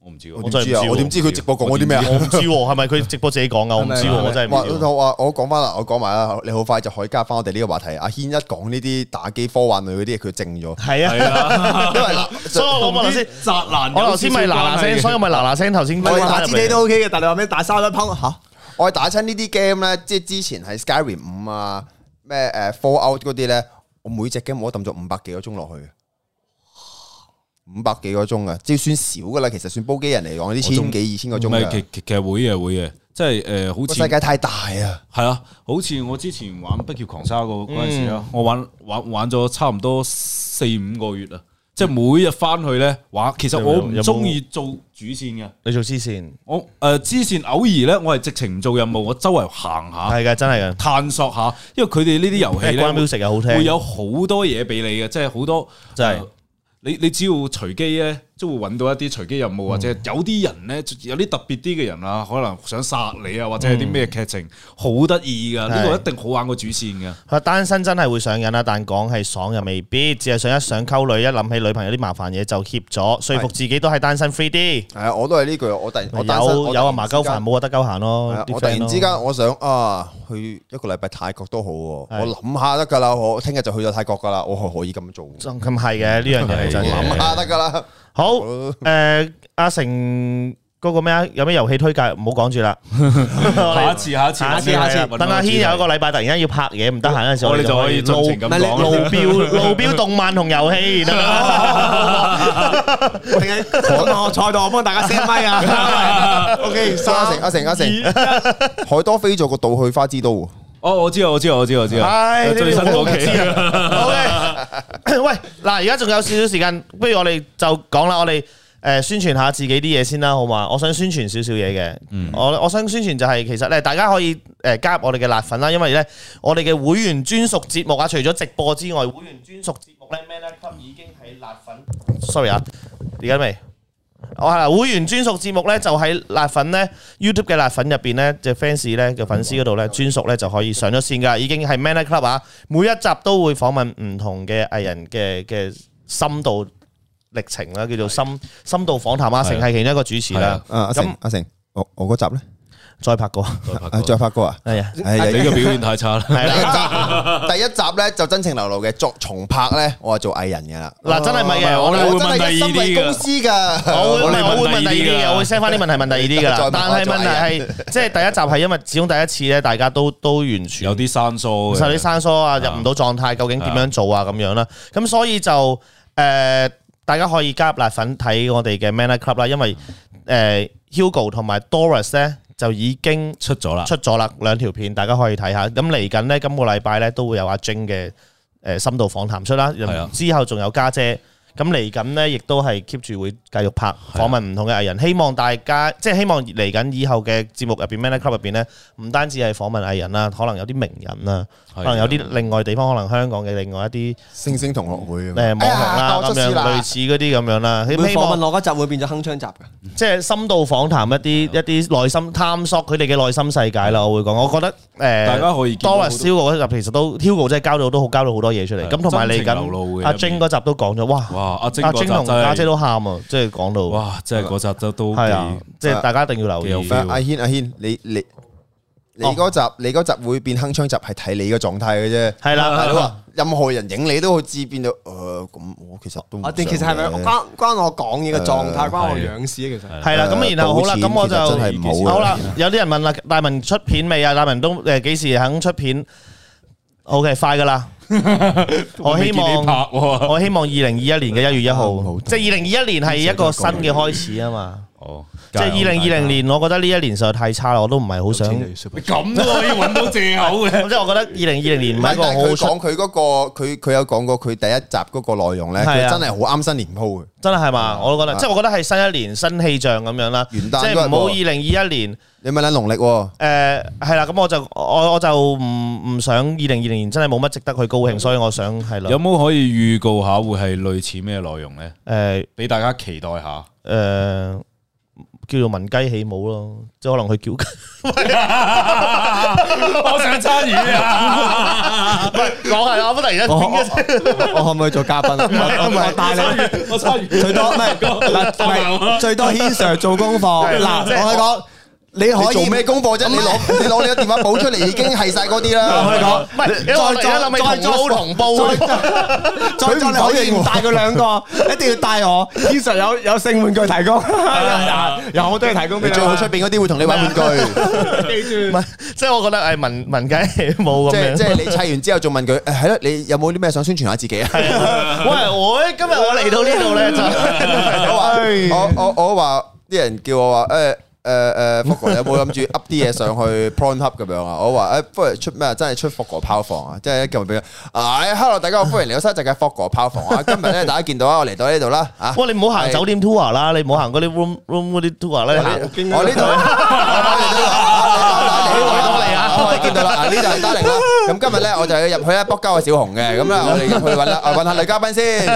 Speaker 2: 唔知，我真係唔知，我點知佢直播講我啲咩？我
Speaker 1: 唔知，係咪佢直播自己講㗎？我唔知，我真係唔知。我
Speaker 2: 話我講翻啦，我講埋啦。你好快就可以加翻我哋呢個話題。阿軒一講呢啲打機科幻類嗰啲嘢，佢靜咗。係啊，
Speaker 3: 因為嗱！所以我問老師，宅男
Speaker 2: 我頭先咪嗱嗱聲，所以我咪嗱嗱聲。頭先我打機都 OK 嘅，但你話咩大三粒乓吓？我打親呢啲 game 咧，即係之前係 Skyrim 五啊，咩誒 Fallout 嗰啲咧，我每隻 game 我都抌咗五百幾個鐘落去。五百幾個鐘啊，即算少噶啦。其實算煲機人嚟講，啲千幾二千個鐘。唔係，其
Speaker 4: 其實會嘅，會嘅，即係誒、呃，好似世界太大啊，係啊，好似我之前玩《北極狂沙》嗰嗰陣時啦，嗯、我玩玩玩咗差唔多四五個月啊，嗯、即係每日翻去咧玩。其實我唔中意做主線嘅，你做支線。我誒，支、呃、線偶爾咧，我係直情唔做任務，我周圍行下，係嘅，真係嘅，探索下。因為佢哋呢啲遊戲咧，會有好多嘢俾你嘅，即係好多，就係的。呃你你只要隨機呢。即係會揾到一啲隨機任務，或者有啲人咧，有啲特別啲嘅人啊，可能想殺你啊，或者有啲咩劇情，好得意噶，呢的個一定好玩過主線
Speaker 1: 嘅。單身真係會上癮啊，但講係爽又未必，只係想一想溝女，一諗起女朋友啲麻煩嘢就怯咗，說服自己都係單身。free 啲
Speaker 2: 係啊，我都係呢句，我突然的我有我然有阿麻鳩煩，冇
Speaker 1: 阿得鳩閒咯。我突然之間
Speaker 2: 我想的啊，去一個禮拜泰國都好，的我諗下得噶啦，我聽日就去咗泰國噶啦，我係可以咁做。咁係嘅，呢樣嘢係真。諗的 下得噶啦。好，
Speaker 1: 誒、呃，阿成嗰個咩啊？有咩遊戲推介？唔好講住啦，下次，下次，下次，下次。等阿軒有一個禮拜突然間要拍嘢，唔得閒嗰陣時，我哋就可以做。咁路標，路標，動漫同遊戲。啊、講
Speaker 4: 到我喺講我坐度，我幫大家 set 咪啊。OK，阿成，阿成，阿成，
Speaker 2: 海多飛咗個《道去花之都》。
Speaker 4: 哦，我知啊，我知啊，我知啊，我知啊。最新嗰期。
Speaker 1: 喂，嗱，而家仲有少少時間，不如我哋就講啦。我哋誒宣傳下自己啲嘢先啦，好嘛？我想宣傳少少嘢嘅。我、嗯、我想宣傳就係、是、其實咧，大家可以誒加入我哋嘅辣粉啦，因為咧我哋嘅會員專屬節目啊，除咗直播之外，會員專屬節目咧咩咧，已經喺辣粉。Sorry 啊，而家未。好係啦，會員專屬節目咧，就喺、是、辣粉，咧 YouTube 嘅辣粉入邊咧，只 fans 咧嘅粉絲嗰度咧，專屬咧就可以上咗線噶，已經係 Manly Club 啊，每一集都會訪問唔同嘅藝人嘅嘅深度歷程啦，叫做深深度訪談啊。阿成係其中一個主持啦，啊那阿成，
Speaker 2: 那阿成，我我嗰集咧。再拍過，再拍過啊！哎呀，你呢個表現
Speaker 4: 太差啦。
Speaker 2: 第一集咧就真情流露嘅，作重拍咧，我係做藝人嘅啦。嗱，真係咪嘅？我真係一心為公司㗎。我唔係，我會問第二啲嘢，我會 send 翻啲問題問第二啲㗎啦。但係問題係，
Speaker 1: 即係第一集係因為始終第一次咧，大家都都完全有啲生疏，有啲生疏啊，入唔到狀態，究竟點樣做啊？咁樣啦。咁所以就誒，大家可以加入辣粉睇我哋嘅 Manic Club 啦。因為誒 Hugo 同埋 Doris 咧。就已經出咗啦，出咗了啦兩條片，大家可以睇下。咁嚟緊咧，今個禮拜咧都會有阿 j e n 嘅誒深度訪談出啦，是的 之後仲有家姐，姐。咁嚟緊呢，亦都係 keep 住會繼續拍訪問唔同嘅藝人，希望大家即係希望嚟緊以後嘅節目入邊，Manic Club 入邊呢，唔單止係訪問藝人啦，可能有啲名人啦，可能有啲另外地方，可能香港嘅另外一啲星星同學會誒網紅啦咁樣，類似嗰啲咁樣啦。你希望落
Speaker 3: 嗰集會變咗鏗鏘集，
Speaker 1: 即係深度訪談一啲一啲內心探索佢哋嘅內心世界啦。我會講，我覺得誒大家可以多日 s i u 嗰集，其實都 t u g 真係交到，都好交到好多嘢出嚟。咁同埋嚟緊阿 Jing 嗰集都講咗哇！啊！阿晶同家姐都喊啊，即係
Speaker 2: 講到哇，即係嗰集都都係啊！即係大家一定要留意。阿軒，阿軒，你你你嗰集，你嗰集會變鏗鏘集，係睇你嘅狀態嘅啫。係啦，任何人影你都好，至變到咁。我其實都我哋其實係咪關
Speaker 1: 關我
Speaker 3: 講嘢嘅
Speaker 2: 狀態，關我樣事？啊？其實係啦。咁然後好啦，咁我就好啦。
Speaker 1: 有啲人問啦，大文出片未啊？大文都誒，幾時肯出片？OK，快噶啦！我希望我希望二零二一年嘅一月一號，即係二零二一年係一個新嘅開始啊嘛。
Speaker 4: 哦，即係二零二零
Speaker 1: 年，我覺得呢一年實在太差啦，我都唔係好想。咁都可以揾到借口嘅，即係我覺得二零二零年唔係一個好爽。
Speaker 2: 佢嗰個佢佢有講過佢第一集嗰個內容咧，真係好啱新年鋪嘅。
Speaker 1: 真係係嘛？我都覺得，即係我覺得係新一年新氣象咁樣啦。元旦即係唔好二零二一年。你咪諗農曆？誒，係啦，咁我就我我就唔唔想二零二零年真係冇乜值得去高興，所以我想係啦。有
Speaker 4: 冇可以預告下會係類似咩內容咧？誒，俾大家期待下。
Speaker 1: 誒，叫做聞雞起舞咯，即係可能佢叫
Speaker 4: 雞。我想參與啊！我係我忽然
Speaker 3: 間，我可唔可以做嘉賓啊？唔係大鯉魚，我參與最多唔係嗱唔係最多。先生做功課嗱，我講。你可以做咩功課啫？你攞你攞你個電話簿出嚟，已經係晒嗰啲啦。我同你講，唔係再再再做同步，
Speaker 2: 再唔可以唔帶佢兩個，一定要帶我。其實有有
Speaker 3: 性玩具提供，有我都係提供。最好出邊嗰
Speaker 1: 啲會同你玩玩具。記住，
Speaker 2: 唔係。即係我覺得係文文雞冇咁樣，即係你砌完之後仲問佢，誒係咯，你有冇啲咩想宣傳下自己
Speaker 1: 啊？喂，我今日我嚟到呢度咧就
Speaker 2: 我我我話啲人叫我話誒。誒誒福哥你有冇諗住 up 啲嘢上去 Pornhub 咁樣啊？我話誒，不如出咩？真係出福哥炮房啊！真係一叫咪俾佢。誒，Hello，大家好，歡迎嚟到新一集嘅福哥炮房啊！今日咧，大家見到啊，我嚟到呢度啦。吓，哇！你唔好行酒店 tour
Speaker 1: 啦，你唔好行嗰啲 room room 嗰啲 tour 咧。我呢度。
Speaker 2: 哦、我見到、啊、啦，啊、嗯、呢就係 darling 啦，咁今日咧我就要入去啊搏交阿小紅嘅，咁、嗯、啊、嗯嗯、我哋入去搵啊搵下女嘉賓先，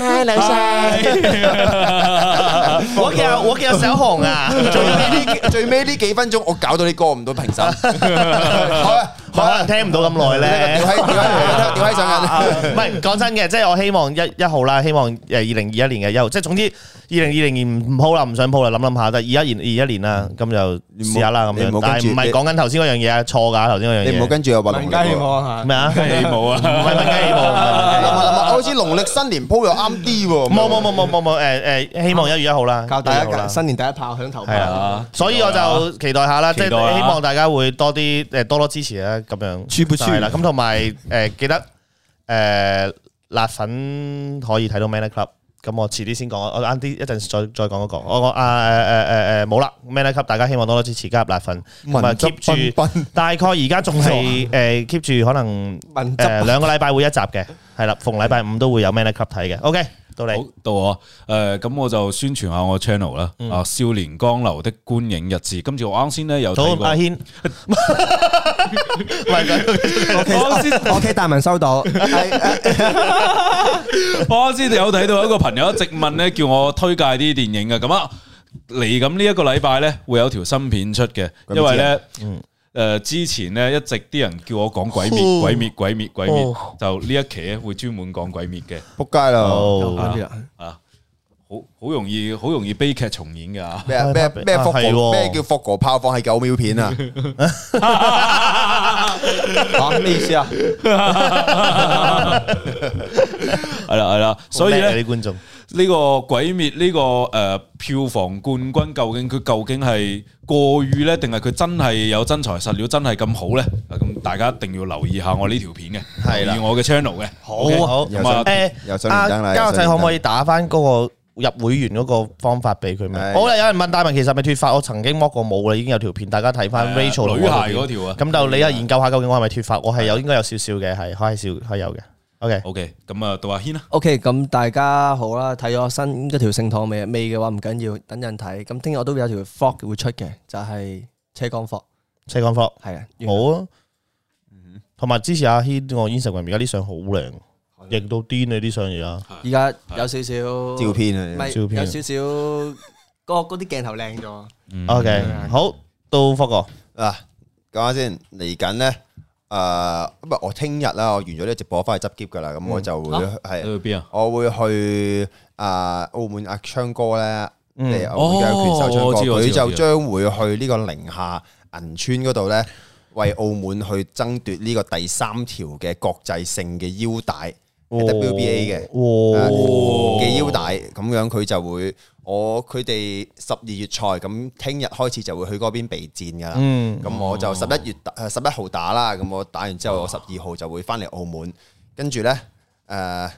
Speaker 2: 係女士，Bye 我叫我叫小紅啊， 最尾呢最尾呢幾，幾分鐘我搞到你過唔到評審。 好啊。可能聽唔到咁耐咧，吊起上嘅，
Speaker 1: 唔係講真嘅，即係我希望一一號啦，希望誒二零二一年嘅一號，即係總之二零二零年唔唔鋪啦，唔想鋪啦，諗諗下得二一年二一年啦，咁就試下啦咁樣，但係唔係講緊頭先嗰樣嘢，錯㗎頭先嗰樣嘢，唔好跟住又話龍年過，咩啊？二號啊，唔係二號，唔好似農曆新年鋪又啱啲喎，冇冇冇冇冇誒誒，希望一月一號啦，第一新年第一炮響頭，係啊，所以我就期待下啦，即係希望大家會多啲誒多多支持咧。咁樣，係啦。咁同埋，誒，記得，誒，辣粉可以睇到 Manic Club。咁我遲啲先講，我晏啲一陣再再講嗰個。我個阿誒誒誒誒，冇啦。Manic Club 大家希望多多支持，加入辣粉同埋 keep 住。大概而家仲係誒 keep 住，可能誒兩個禮拜會一集嘅，係啦。逢禮拜五
Speaker 4: 都會有 Manic Club 睇嘅。OK。到嚟，到啊！誒，咁我就宣傳下我 channel 啦。啊，少年江流的觀影日誌。今次我啱先咧又睇過。阿軒，
Speaker 5: 我
Speaker 4: 先，我屋
Speaker 3: 企大文收到。
Speaker 4: 我先有睇到一個朋友一直問咧，叫我推介啲電影嘅。咁啊，嚟緊呢一個禮拜咧，會有條新片出嘅，因為咧，嗯。誒、呃，之前咧一直啲人叫我講鬼滅、呃，鬼滅，鬼滅，鬼滅、哦，就呢一期咧會專門講鬼滅嘅，撲街啦，啊，好好容易，好容易悲劇重演噶，咩咩咩復咩叫復國炮放喺九秒片啊？
Speaker 3: 啊，咩意思啊？
Speaker 4: 係啦係啦，所以咧、啊、觀眾。呢個鬼滅呢個誒票房冠軍，究竟佢究竟係過譽咧，定係佢真係有真材實料，真係咁好咧？咁大家一定要留意下我呢條片嘅，留意我嘅 channel 嘅。好，好。咁啊，阿家友仔可唔可以
Speaker 1: 打翻嗰個入會員嗰個方法俾佢咪？好啦，有人問大文其實係咪脱髮？我曾經剝過帽啦，已經有條片，大家睇翻 Rachel 女
Speaker 4: 鞋嗰條啊。咁就你又研究
Speaker 1: 下，究竟我係咪脱髮？我係有應該有少少嘅，係可以笑可以有嘅。O
Speaker 3: K，
Speaker 4: O K，咁啊，到阿軒啦。
Speaker 3: O K，咁大家好啦，睇咗新嗰條聖堂未？未嘅話唔緊要，等陣睇。咁聽日我都會有條 vlog 會出嘅，就係車光 vlog。車光
Speaker 1: vlog 係啊，我，嗯，同埋支持阿軒我 Instagram 而家啲相好靚，影到癲你啲相而家。而
Speaker 3: 家有少少照片啊，唔係有少少嗰嗰啲鏡頭靚咗。
Speaker 2: O K，好，到福哥嗱，講下先，嚟緊咧。誒，唔係、uh, 我聽日啦，我完咗呢個直播，我翻去執 keep 嘅啦。咁、嗯、我就會係，我去邊啊？是我會去誒、呃、澳門阿昌哥咧，即係、嗯哦、澳門嘅拳手昌哥，佢、哦、他就將會去個呢個寧夏銀川嗰度咧，為澳門去爭奪呢個第三條嘅國際性嘅腰帶 WBA 嘅嘅腰帶，咁樣佢就會。我佢哋十二月賽，咁聽日開始就會去嗰邊備戰噶啦。咁、嗯、我就十一月十一號打啦。咁我打完之後，我十二號就會翻嚟澳門。跟住呢，誒、呃、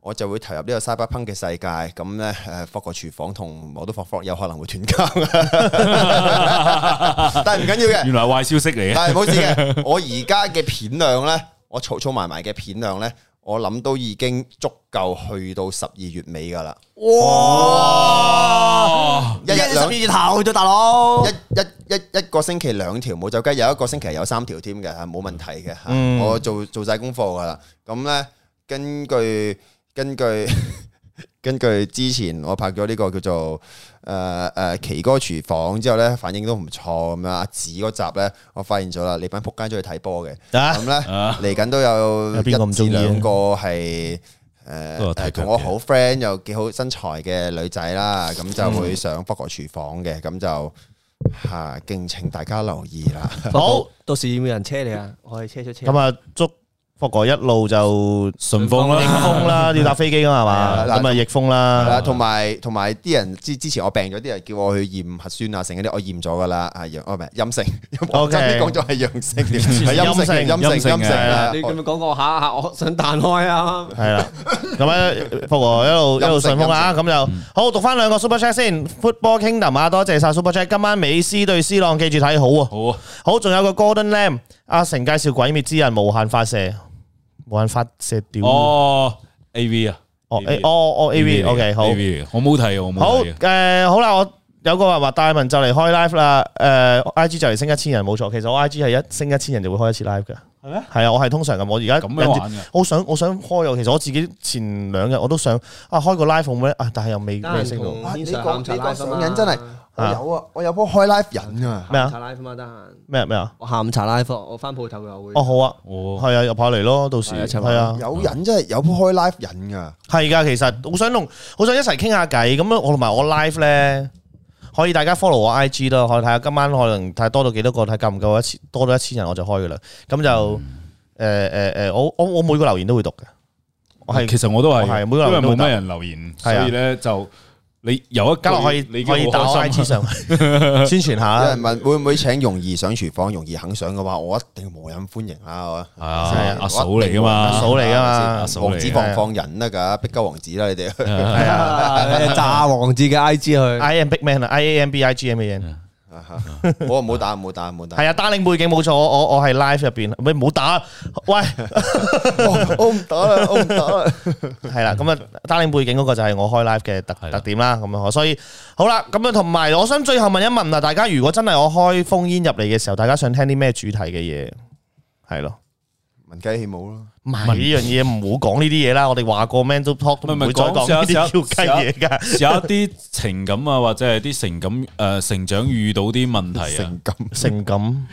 Speaker 2: 我就會投入呢個沙巴烹嘅世界。咁呢，誒闕個廚房同我都闕闕，有可能會斷交 但，但係唔緊要嘅。原來係
Speaker 4: 壞消息嚟嘅。係冇事
Speaker 2: 嘅。我而家嘅片量呢，我儲儲埋埋嘅片量呢。我諗都已經足夠去到十二月尾噶啦，
Speaker 3: 哇！一日十二月頭就
Speaker 2: 大佬，一一一個星期兩條冇走雞，有一個星期有三條添嘅，係冇問題嘅。嗯、我做做晒功課噶啦，咁咧根據根據。根據 根據之前我拍咗呢個叫做誒誒、呃、奇哥廚房之後咧反應都唔錯咁啊、嗯！阿紫嗰集咧，我發現咗啦，你班仆街咗去睇波嘅，咁咧嚟緊都有一至兩個係同我好 friend 又幾好身材嘅女仔啦，咁、嗯、就、嗯、會上《北角廚房》嘅，咁就嚇敬請大家留意啦。好，
Speaker 3: 到時有冇人車你啊？我以車出車。咁啊，
Speaker 2: 祝！福哥一路就順
Speaker 1: 風啦，逆風啦，要搭飛機噶嘛，係嘛？咁啊逆風啦，
Speaker 2: 同埋同埋啲人之之前我病咗，啲人叫我去驗核酸啊，剩嗰啲我驗咗噶啦，啊陽哦唔係陰性，我講咗
Speaker 1: 係陽
Speaker 3: 性，係陰性陰性陰性嘅，你咁樣講講下我想彈開
Speaker 2: 啊，
Speaker 1: 係啦，咁啊福哥一路一路順風啦，咁就好讀返兩個 Super Chat 先，Football Kingdom 啊，多謝晒 Super Chat，今晚美斯對斯朗，記住睇好啊，好，好，仲有個 Gordon Lamb，阿成介紹鬼滅之刃無限發射。冇人發射掉哦，A V 啊，
Speaker 4: 哦，A，哦，哦，A V，O K，好，A V，我冇睇，我冇睇，好，誒、uh, well, right.
Speaker 1: anyway,，好啦，我有個話話，大文就嚟開 live 啦，誒、oh,，I G 就嚟升一千人，冇錯，其實我 I G 係一升一千人就會開一次 live 㗎，係咩？係啊，我係通常咁，我而家咁樣玩我想我想開又，其實我自己前兩日我都想啊開個 live 咁咧，啊但係又未未升到，
Speaker 2: 你講呢個男人真係。有啊，我有鋪開 live 人噶。咩啊？茶 live 嘛，得閒咩咩啊？我下午茶 live，我翻鋪頭又會。哦，好啊，哦，係啊，入跑嚟咯，到時係啊。有人真係有鋪開 live 人
Speaker 1: 噶，係噶，其實好想同好想一齊傾下偈。咁啊，我同埋我 live 咧，可以大家 follow 我 IG 啦。我睇下今晚可能睇多到幾多個，睇夠唔夠一千，多到一千人我就開噶啦。咁就誒誒誒，我我我每個留言都會讀嘅。我係其實我都係，因為冇咩人留
Speaker 4: 言，所以咧就。你由一加
Speaker 1: 可以，你可以打 size 上去
Speaker 2: 宣傳下。問會唔會請容兒上廚房？容兒肯上嘅話，我一定無任歡迎啊！係啊，阿嫂嚟噶嘛，阿嫂嚟噶嘛，阿嫂，王子放放人啊，噶逼鳩王子啦，你哋炸
Speaker 1: 王子嘅 I G 去，I am big man 啊，I A M B I G M A N。
Speaker 2: 冇啊哈！我唔好打唔好打唔好打，係
Speaker 1: 啊！單影背景冇錯，我我係 live 入邊，唔好唔打，喂！
Speaker 2: 我唔打啦，我唔打
Speaker 5: 啦，
Speaker 1: 係啦。咁 啊，單影背景嗰個就係我開 live 嘅特特點啦。咁啊的，所以好啦，咁啊，同埋我想最後問一問啊，大家如果真係我開封煙入嚟嘅時候，大家想聽啲咩主題嘅嘢？係咯、啊，聞雞起舞咯。唔係呢樣嘢，唔好講
Speaker 4: 呢啲嘢啦。我哋話過 Mental Talk，唔會再講呢啲叫雞嘢噶。有一啲情感啊，或者係啲成感誒成長遇到啲問題啊。性感、性感、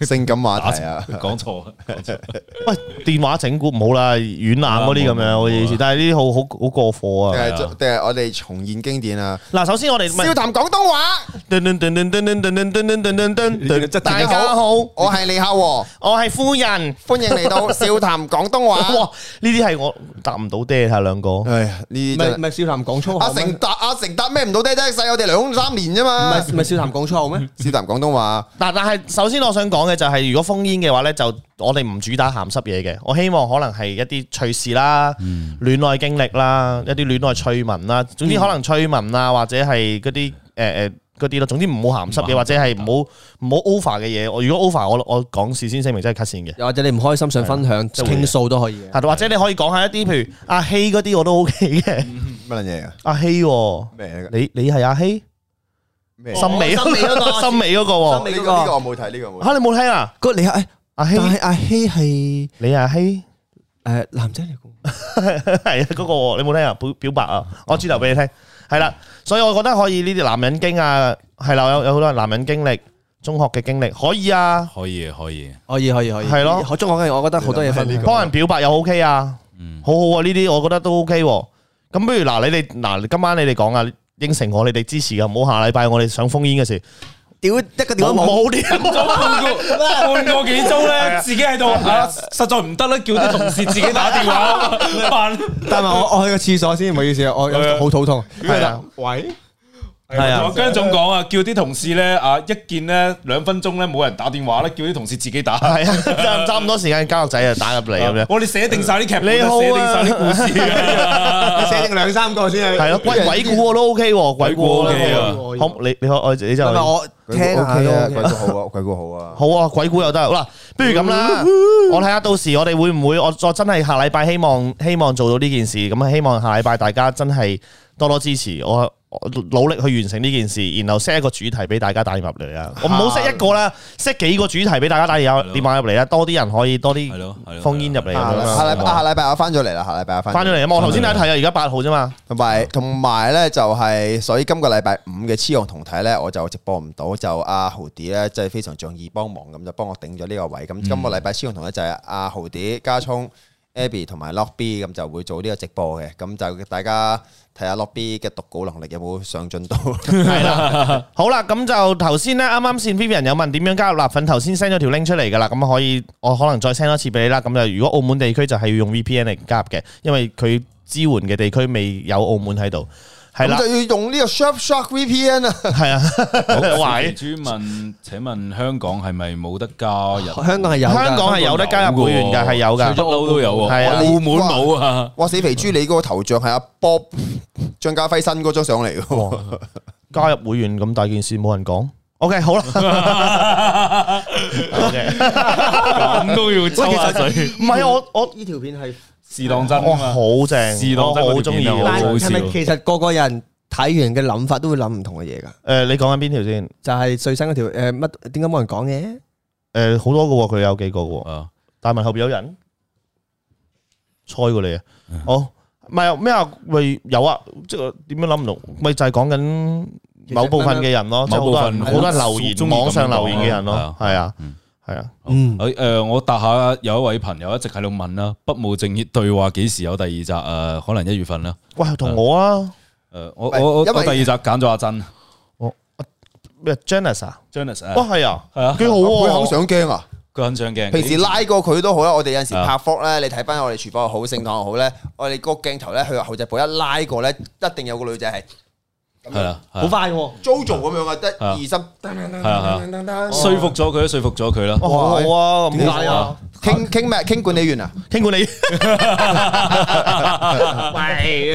Speaker 1: 性感話題啊，講
Speaker 4: 錯。
Speaker 2: 喂，
Speaker 4: 電話整蠱唔好啦，軟硬
Speaker 2: 嗰啲咁樣我
Speaker 1: 意思。但係呢啲好好好過火啊。定
Speaker 2: 係我哋重現經典啊。
Speaker 1: 嗱，首先我哋笑
Speaker 2: 談廣東話。
Speaker 1: 叮叮叮叮叮叮叮叮叮叮叮叮叮。大家好，我係李克和，我係夫人，歡迎嚟到笑談廣。廣東話，哇！呢啲係我答唔到爹，下兩個。係呢唔係唔係，少談講粗口。阿成
Speaker 2: 答阿成答咩唔到爹爹，細我哋兩三年啫嘛。唔係唔
Speaker 1: 係，少談講粗口咩？少談廣東話。
Speaker 2: 嗱，但係首先我想
Speaker 1: 講嘅就係，如果封煙嘅話咧，就我哋唔主打鹹濕嘢嘅。我希望可能係一啲趣事啦，戀愛經歷啦，一啲戀愛趣聞啦，總之可能趣聞啦，或者係嗰啲誒誒。呃呃嗰啲咯，總之唔好鹹濕嘅，或者係唔好唔好 over 嘅嘢。我如果 over，我我講事先聲明，真係 cut 線嘅。又或者你唔開心，想分享、傾訴都可以。係，或者你可以講下一啲，譬如阿希嗰啲，我都 OK 嘅。
Speaker 2: 乜撚嘢啊？
Speaker 1: 阿希咩嚟㗎？你你係阿希
Speaker 2: 咩？森美森美森美嗰個，森美嗰個我冇睇，呢個我
Speaker 1: 冇睇，你冇聽啊？
Speaker 3: 嗰個你係阿希，但係阿希係你阿希，誒男仔嚟
Speaker 1: 㗎，係啊，嗰個你冇聽啊表表白啊！我轉頭俾你聽，係啦。所以我覺得可以呢啲男人經啊，係啦，有有好多人男人經歷，中學嘅經歷可以啊，
Speaker 4: 可以可以，
Speaker 1: 可以可以可以，係咯，的中學嘅我覺得好多嘢訓練，幫的的人表白又 OK 啊，的好好啊，呢啲我覺得都 OK。咁不如嗱你哋嗱今晚你哋講啊，應承我你哋支持嘅，唔好下禮拜我哋上封煙嘅事。屌，一個電話冇，冇半個
Speaker 4: 半個幾鐘咧，自己喺度 啊，實在唔得啦，叫啲同事自己打電話，得， 但係我
Speaker 3: 我去個廁所先，唔好意思，我有好肚痛，係啦，
Speaker 4: 喂。係啊，姜總講啊，叫啲同事咧啊，一見咧兩分鐘咧冇人打電話咧，叫啲同事自己打。係啊，
Speaker 1: 差唔多時間交個仔啊，打入嚟咁樣。我哋
Speaker 4: 寫定晒啲劇本你好定
Speaker 1: 晒啲故事，寫定兩三個先係。係咯，鬼鬼故我都 OK，鬼故 OK。好，你你可我自己就咪我聽下咯，鬼故好啊，鬼故好啊。好啊，鬼故又得。好啦，不如咁啦，我睇下到時我哋會唔會我再真係下禮拜希望希望做到呢件事咁啊？希望下禮拜大家真係多多支持我。努力去完成呢件事，然後 set 一個主題俾大家打入嚟啊！我唔好 set 一個啦，set 幾個主題俾大家打入電話入嚟啦，多啲人可以多啲封煙入嚟。下下
Speaker 2: 禮拜我翻咗嚟啦，下禮拜翻翻咗嚟啊！我頭先睇睇啊，而家八號啫嘛。同埋同埋咧就係，所以今個禮拜五嘅雌雄同體咧，我就直播唔到，就阿豪迪咧真係非常仗義幫忙咁，就幫我頂咗呢個位。咁今個禮拜雌雄同體就係阿豪迪、加聰、Abby 同埋 Lock B 咁就會做呢個直播嘅。咁就大家。睇下 Lobby 嘅讀稿能力有冇上進到，
Speaker 1: 係啦，好啦，咁就頭先咧，啱啱線 Vivian 有問點樣加入立粉，頭先 send 咗條 link 出嚟噶啦，咁可以，我可能再 send 多次俾你啦。咁就如果澳門地區就係要用 V P N 嚟加入嘅，因為佢支援嘅地區未有澳門喺度。係咁就要
Speaker 2: 用呢個 Sharp Shock VPN 啊！係啊，好怪。肥豬
Speaker 4: 問：請問香港係咪冇得加入？香港係有，香港係有得加入會員噶，係有噶，我都有。係啊，澳門冇
Speaker 2: 啊。哇！死肥豬，你嗰個頭像係阿 Bob 張家輝新嗰張相嚟噶？加入會員咁大件事冇人講
Speaker 1: ？OK，好啦。
Speaker 3: 咁都要抽下水。唔係啊，我
Speaker 4: 我呢條片係。試當真啊！
Speaker 3: 好正，試當真好中意。但係咪其實個個人睇完嘅諗法都會
Speaker 1: 諗唔同嘅嘢噶？誒，你講緊邊條先？就係最新嗰條。誒乜？點解冇人講嘅？誒，好多個，佢有幾個嘅。誒，但係問後邊有人猜過你啊？哦，唔係咩啊？喂，有啊？即係點樣諗唔到？咪就係講緊某部分嘅人咯，即係好多人，好多人留言，網上留言嘅人咯，
Speaker 4: 係啊。係啊，嗯，誒、呃，我答下有一位朋友一直喺度問啦、啊，《不務正業對話》幾時有第二集？誒、呃，可能一月份啦、啊。哇，同我啊，誒、呃，我我為我第二集揀咗阿珍，哦，咩？Janessa，Janessa，啊，係啊，係 Jan ice,、哦、啊，幾好，佢好上鏡啊，佢好、啊、很上鏡、啊。想啊、平時拉
Speaker 2: 過佢都好啦，我哋有陣時拍 Vlog 咧，啊、你睇翻我哋廚房又好，聖堂又好咧，我哋個鏡頭咧去後製部一拉過咧，一定有個女仔係。
Speaker 4: 係啦，好
Speaker 2: 快，Jojo 咁樣啊，得二十，係啊，係啊，說服
Speaker 4: 咗佢啦，說服咗佢啦，
Speaker 2: 哇，點解啊？傾傾咩？傾管理員啊？傾管理，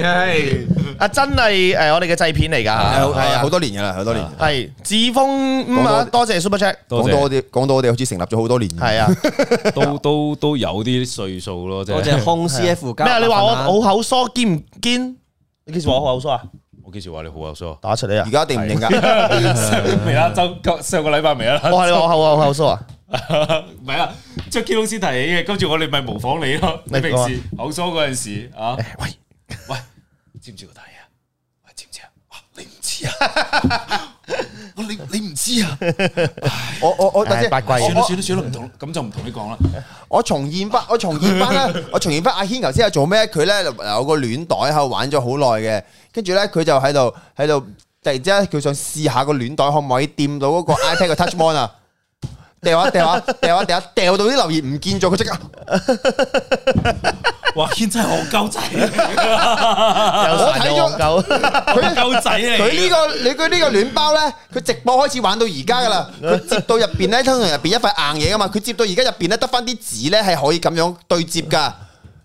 Speaker 1: 係，啊，真係誒，我哋嘅製片嚟噶，係啊，好多
Speaker 2: 年噶啦，好多年，
Speaker 1: 係志峰咁啊，多謝 Super Check，講多啲，
Speaker 2: 講到我哋好似成立
Speaker 4: 咗好多年，係啊，都都都有啲歲數咯，即係，我淨係封 C F，咩啊？你話我好
Speaker 1: 口疏堅唔堅？你幾時話我好口疏啊？
Speaker 4: 我幾時話你好口嗦？So, 打出嚟啊！而家定唔定噶？未啊，就上個禮拜未啊。我係我啊，我、 哦、口嗦啊，唔係啊，即係 c 老師提起嘅，跟住我哋咪模仿你咯。你麼平時口嗦嗰陣時啊？喂喂，知唔知個嘢啊？喂， 知唔知啊？你唔知啊？你你唔知啊？
Speaker 2: 我我我大隻， 算啦算啦算啦，唔同
Speaker 4: 咁就唔同你講啦 。
Speaker 2: 我重現翻，我重現翻啦，我重現翻阿軒頭先係做咩？佢咧嗱有個暖袋喺度玩咗好耐嘅。跟住咧，佢就喺度喺度，突然之間佢想試下個暖袋可唔可以掂到嗰個 iPad 嘅 Touch Mode 啊！ 掉啊掉啊掉啊掉啊，掉到啲留言唔見咗，佢即刻， 哇！天真係好狗仔， 我
Speaker 3: 睇到狗，佢狗仔嚟。佢、這個這個這個、呢個
Speaker 2: 你佢呢個暖包咧，佢直播開始玩到而家噶啦，佢接到入邊咧通常入邊一塊硬嘢噶嘛，佢接到而家入邊咧得翻啲紙咧係可以咁樣對接噶。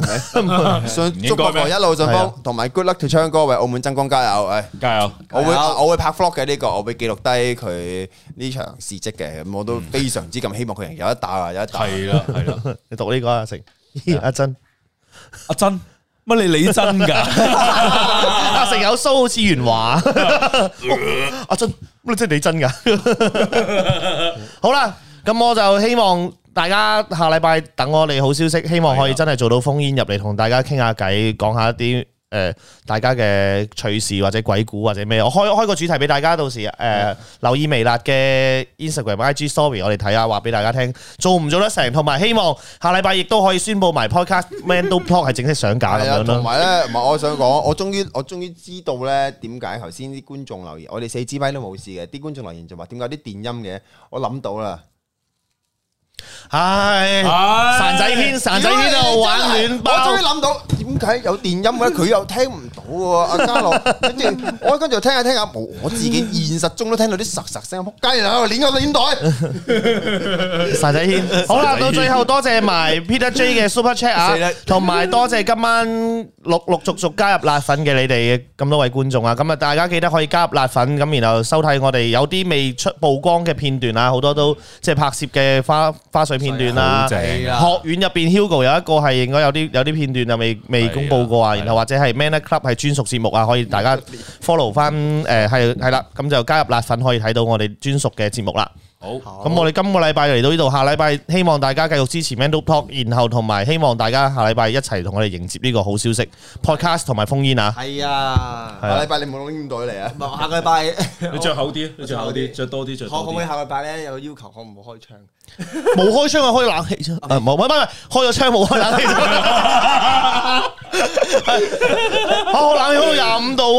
Speaker 2: 順中國行一路順風，同埋 good luck to 昌哥為澳門爭光，加油！哎，加油！我會，我會拍 vlog 嘅呢個，我會記錄低佢呢場事跡嘅，我都非常之咁希望佢人有一打啊，有一打。係啦，係啦。你讀呢個阿成，
Speaker 1: 阿真，阿真，乜你李真噶？阿成有蘇好似元華，阿真乜真係李真噶？好啦，咁我就希望。大家下禮拜等我哋好消息，希望可以真係做到烽煙入嚟，同大家傾下偈，講下一啲誒、呃，大家嘅趣事或者鬼故或者咩，我開開個主題俾大家，到時誒、呃、留意微辣嘅 Instagram、IG Story 我哋睇下話俾大家聽，做唔做得成，同埋希望下禮拜亦都可以宣布埋 Podcast Mandopop、no、係正式上架咁 樣咯。同埋
Speaker 2: 咧，唔係 我想講，我終於我終於知道咧點解頭先啲觀眾留言，我哋四支咪都冇事嘅，啲觀眾留言就話點解啲電音嘅，我諗到啦。唉、哎，散仔軒，散仔軒呢度玩亂，亂爆我終於諗到，點解有電音嘅佢又聽唔到喎、啊，阿嘉樂，我跟住聽下聽下，我自己現實中都聽到啲實實聲，扑街然後捻個面袋，散仔軒，好啦，到最後多謝埋
Speaker 1: Peter J 嘅 Super Chat 啊，同埋多謝今晚陸陸續續加入辣粉嘅你哋咁多位觀眾啊，咁啊大家記得可以加入辣粉，咁然後收睇我哋有啲未出曝光嘅片段啊，好多都即係拍攝嘅花，花絮片段啦，學院入邊 Hugo 有一個係應該有啲有啲片段又未未公佈過啊，然後或者係 Man Up Club 係專屬節目啊，可以大家 follow 翻，誒係係啦，咁就加入辣粉可以睇到我哋專屬嘅節目啦。好，咁我哋今個禮拜嚟到呢度，下禮拜希望大家繼續支持 Man Up Talk，然後同埋希望大家下禮拜一齊同我哋迎接呢個好消息 Podcast 同埋烽煙啊！
Speaker 2: 係啊，下禮拜你冇攞煙袋嚟啊！唔係下個禮拜，你著厚啲，你著厚啲，著多啲
Speaker 3: 著。可可唔可以下禮拜咧有要求可唔可以開窗？
Speaker 1: 冇開窗啊，開冷氣啫。唔係，喂喂喂，開咗窗冇開冷氣。我冷氣開到廿五度。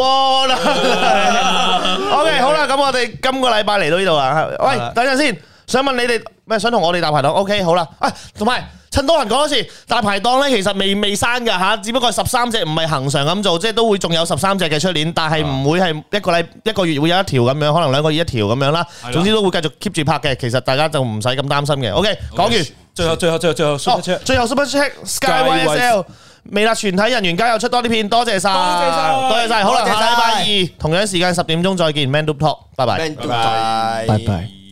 Speaker 1: OK，好啦，咁我哋今個禮拜嚟到呢度啦。喂，等陣先，想問你哋咩？想同我哋搭排檔？OK，好啦。喂，同埋。趁多人講嗰時，大排檔咧其實未未刪嘅嚇，只不過十三隻唔係恆常咁做，即係都會仲有十三隻嘅出年，但係唔會係一個禮一個月會有一條咁樣，可能兩個月一條咁樣啦。總之都會繼續 keep 住拍嘅，其實大家就唔使咁擔心嘅。OK，講完，
Speaker 4: 最後最後最後最後，
Speaker 1: 最後 super shake sky sell，美達全體人員加油出多啲片，多謝曬，多謝曬，多謝曬。好啦，下個禮拜二同樣時間十點鐘再見，Man Dub Talk，拜拜，拜拜。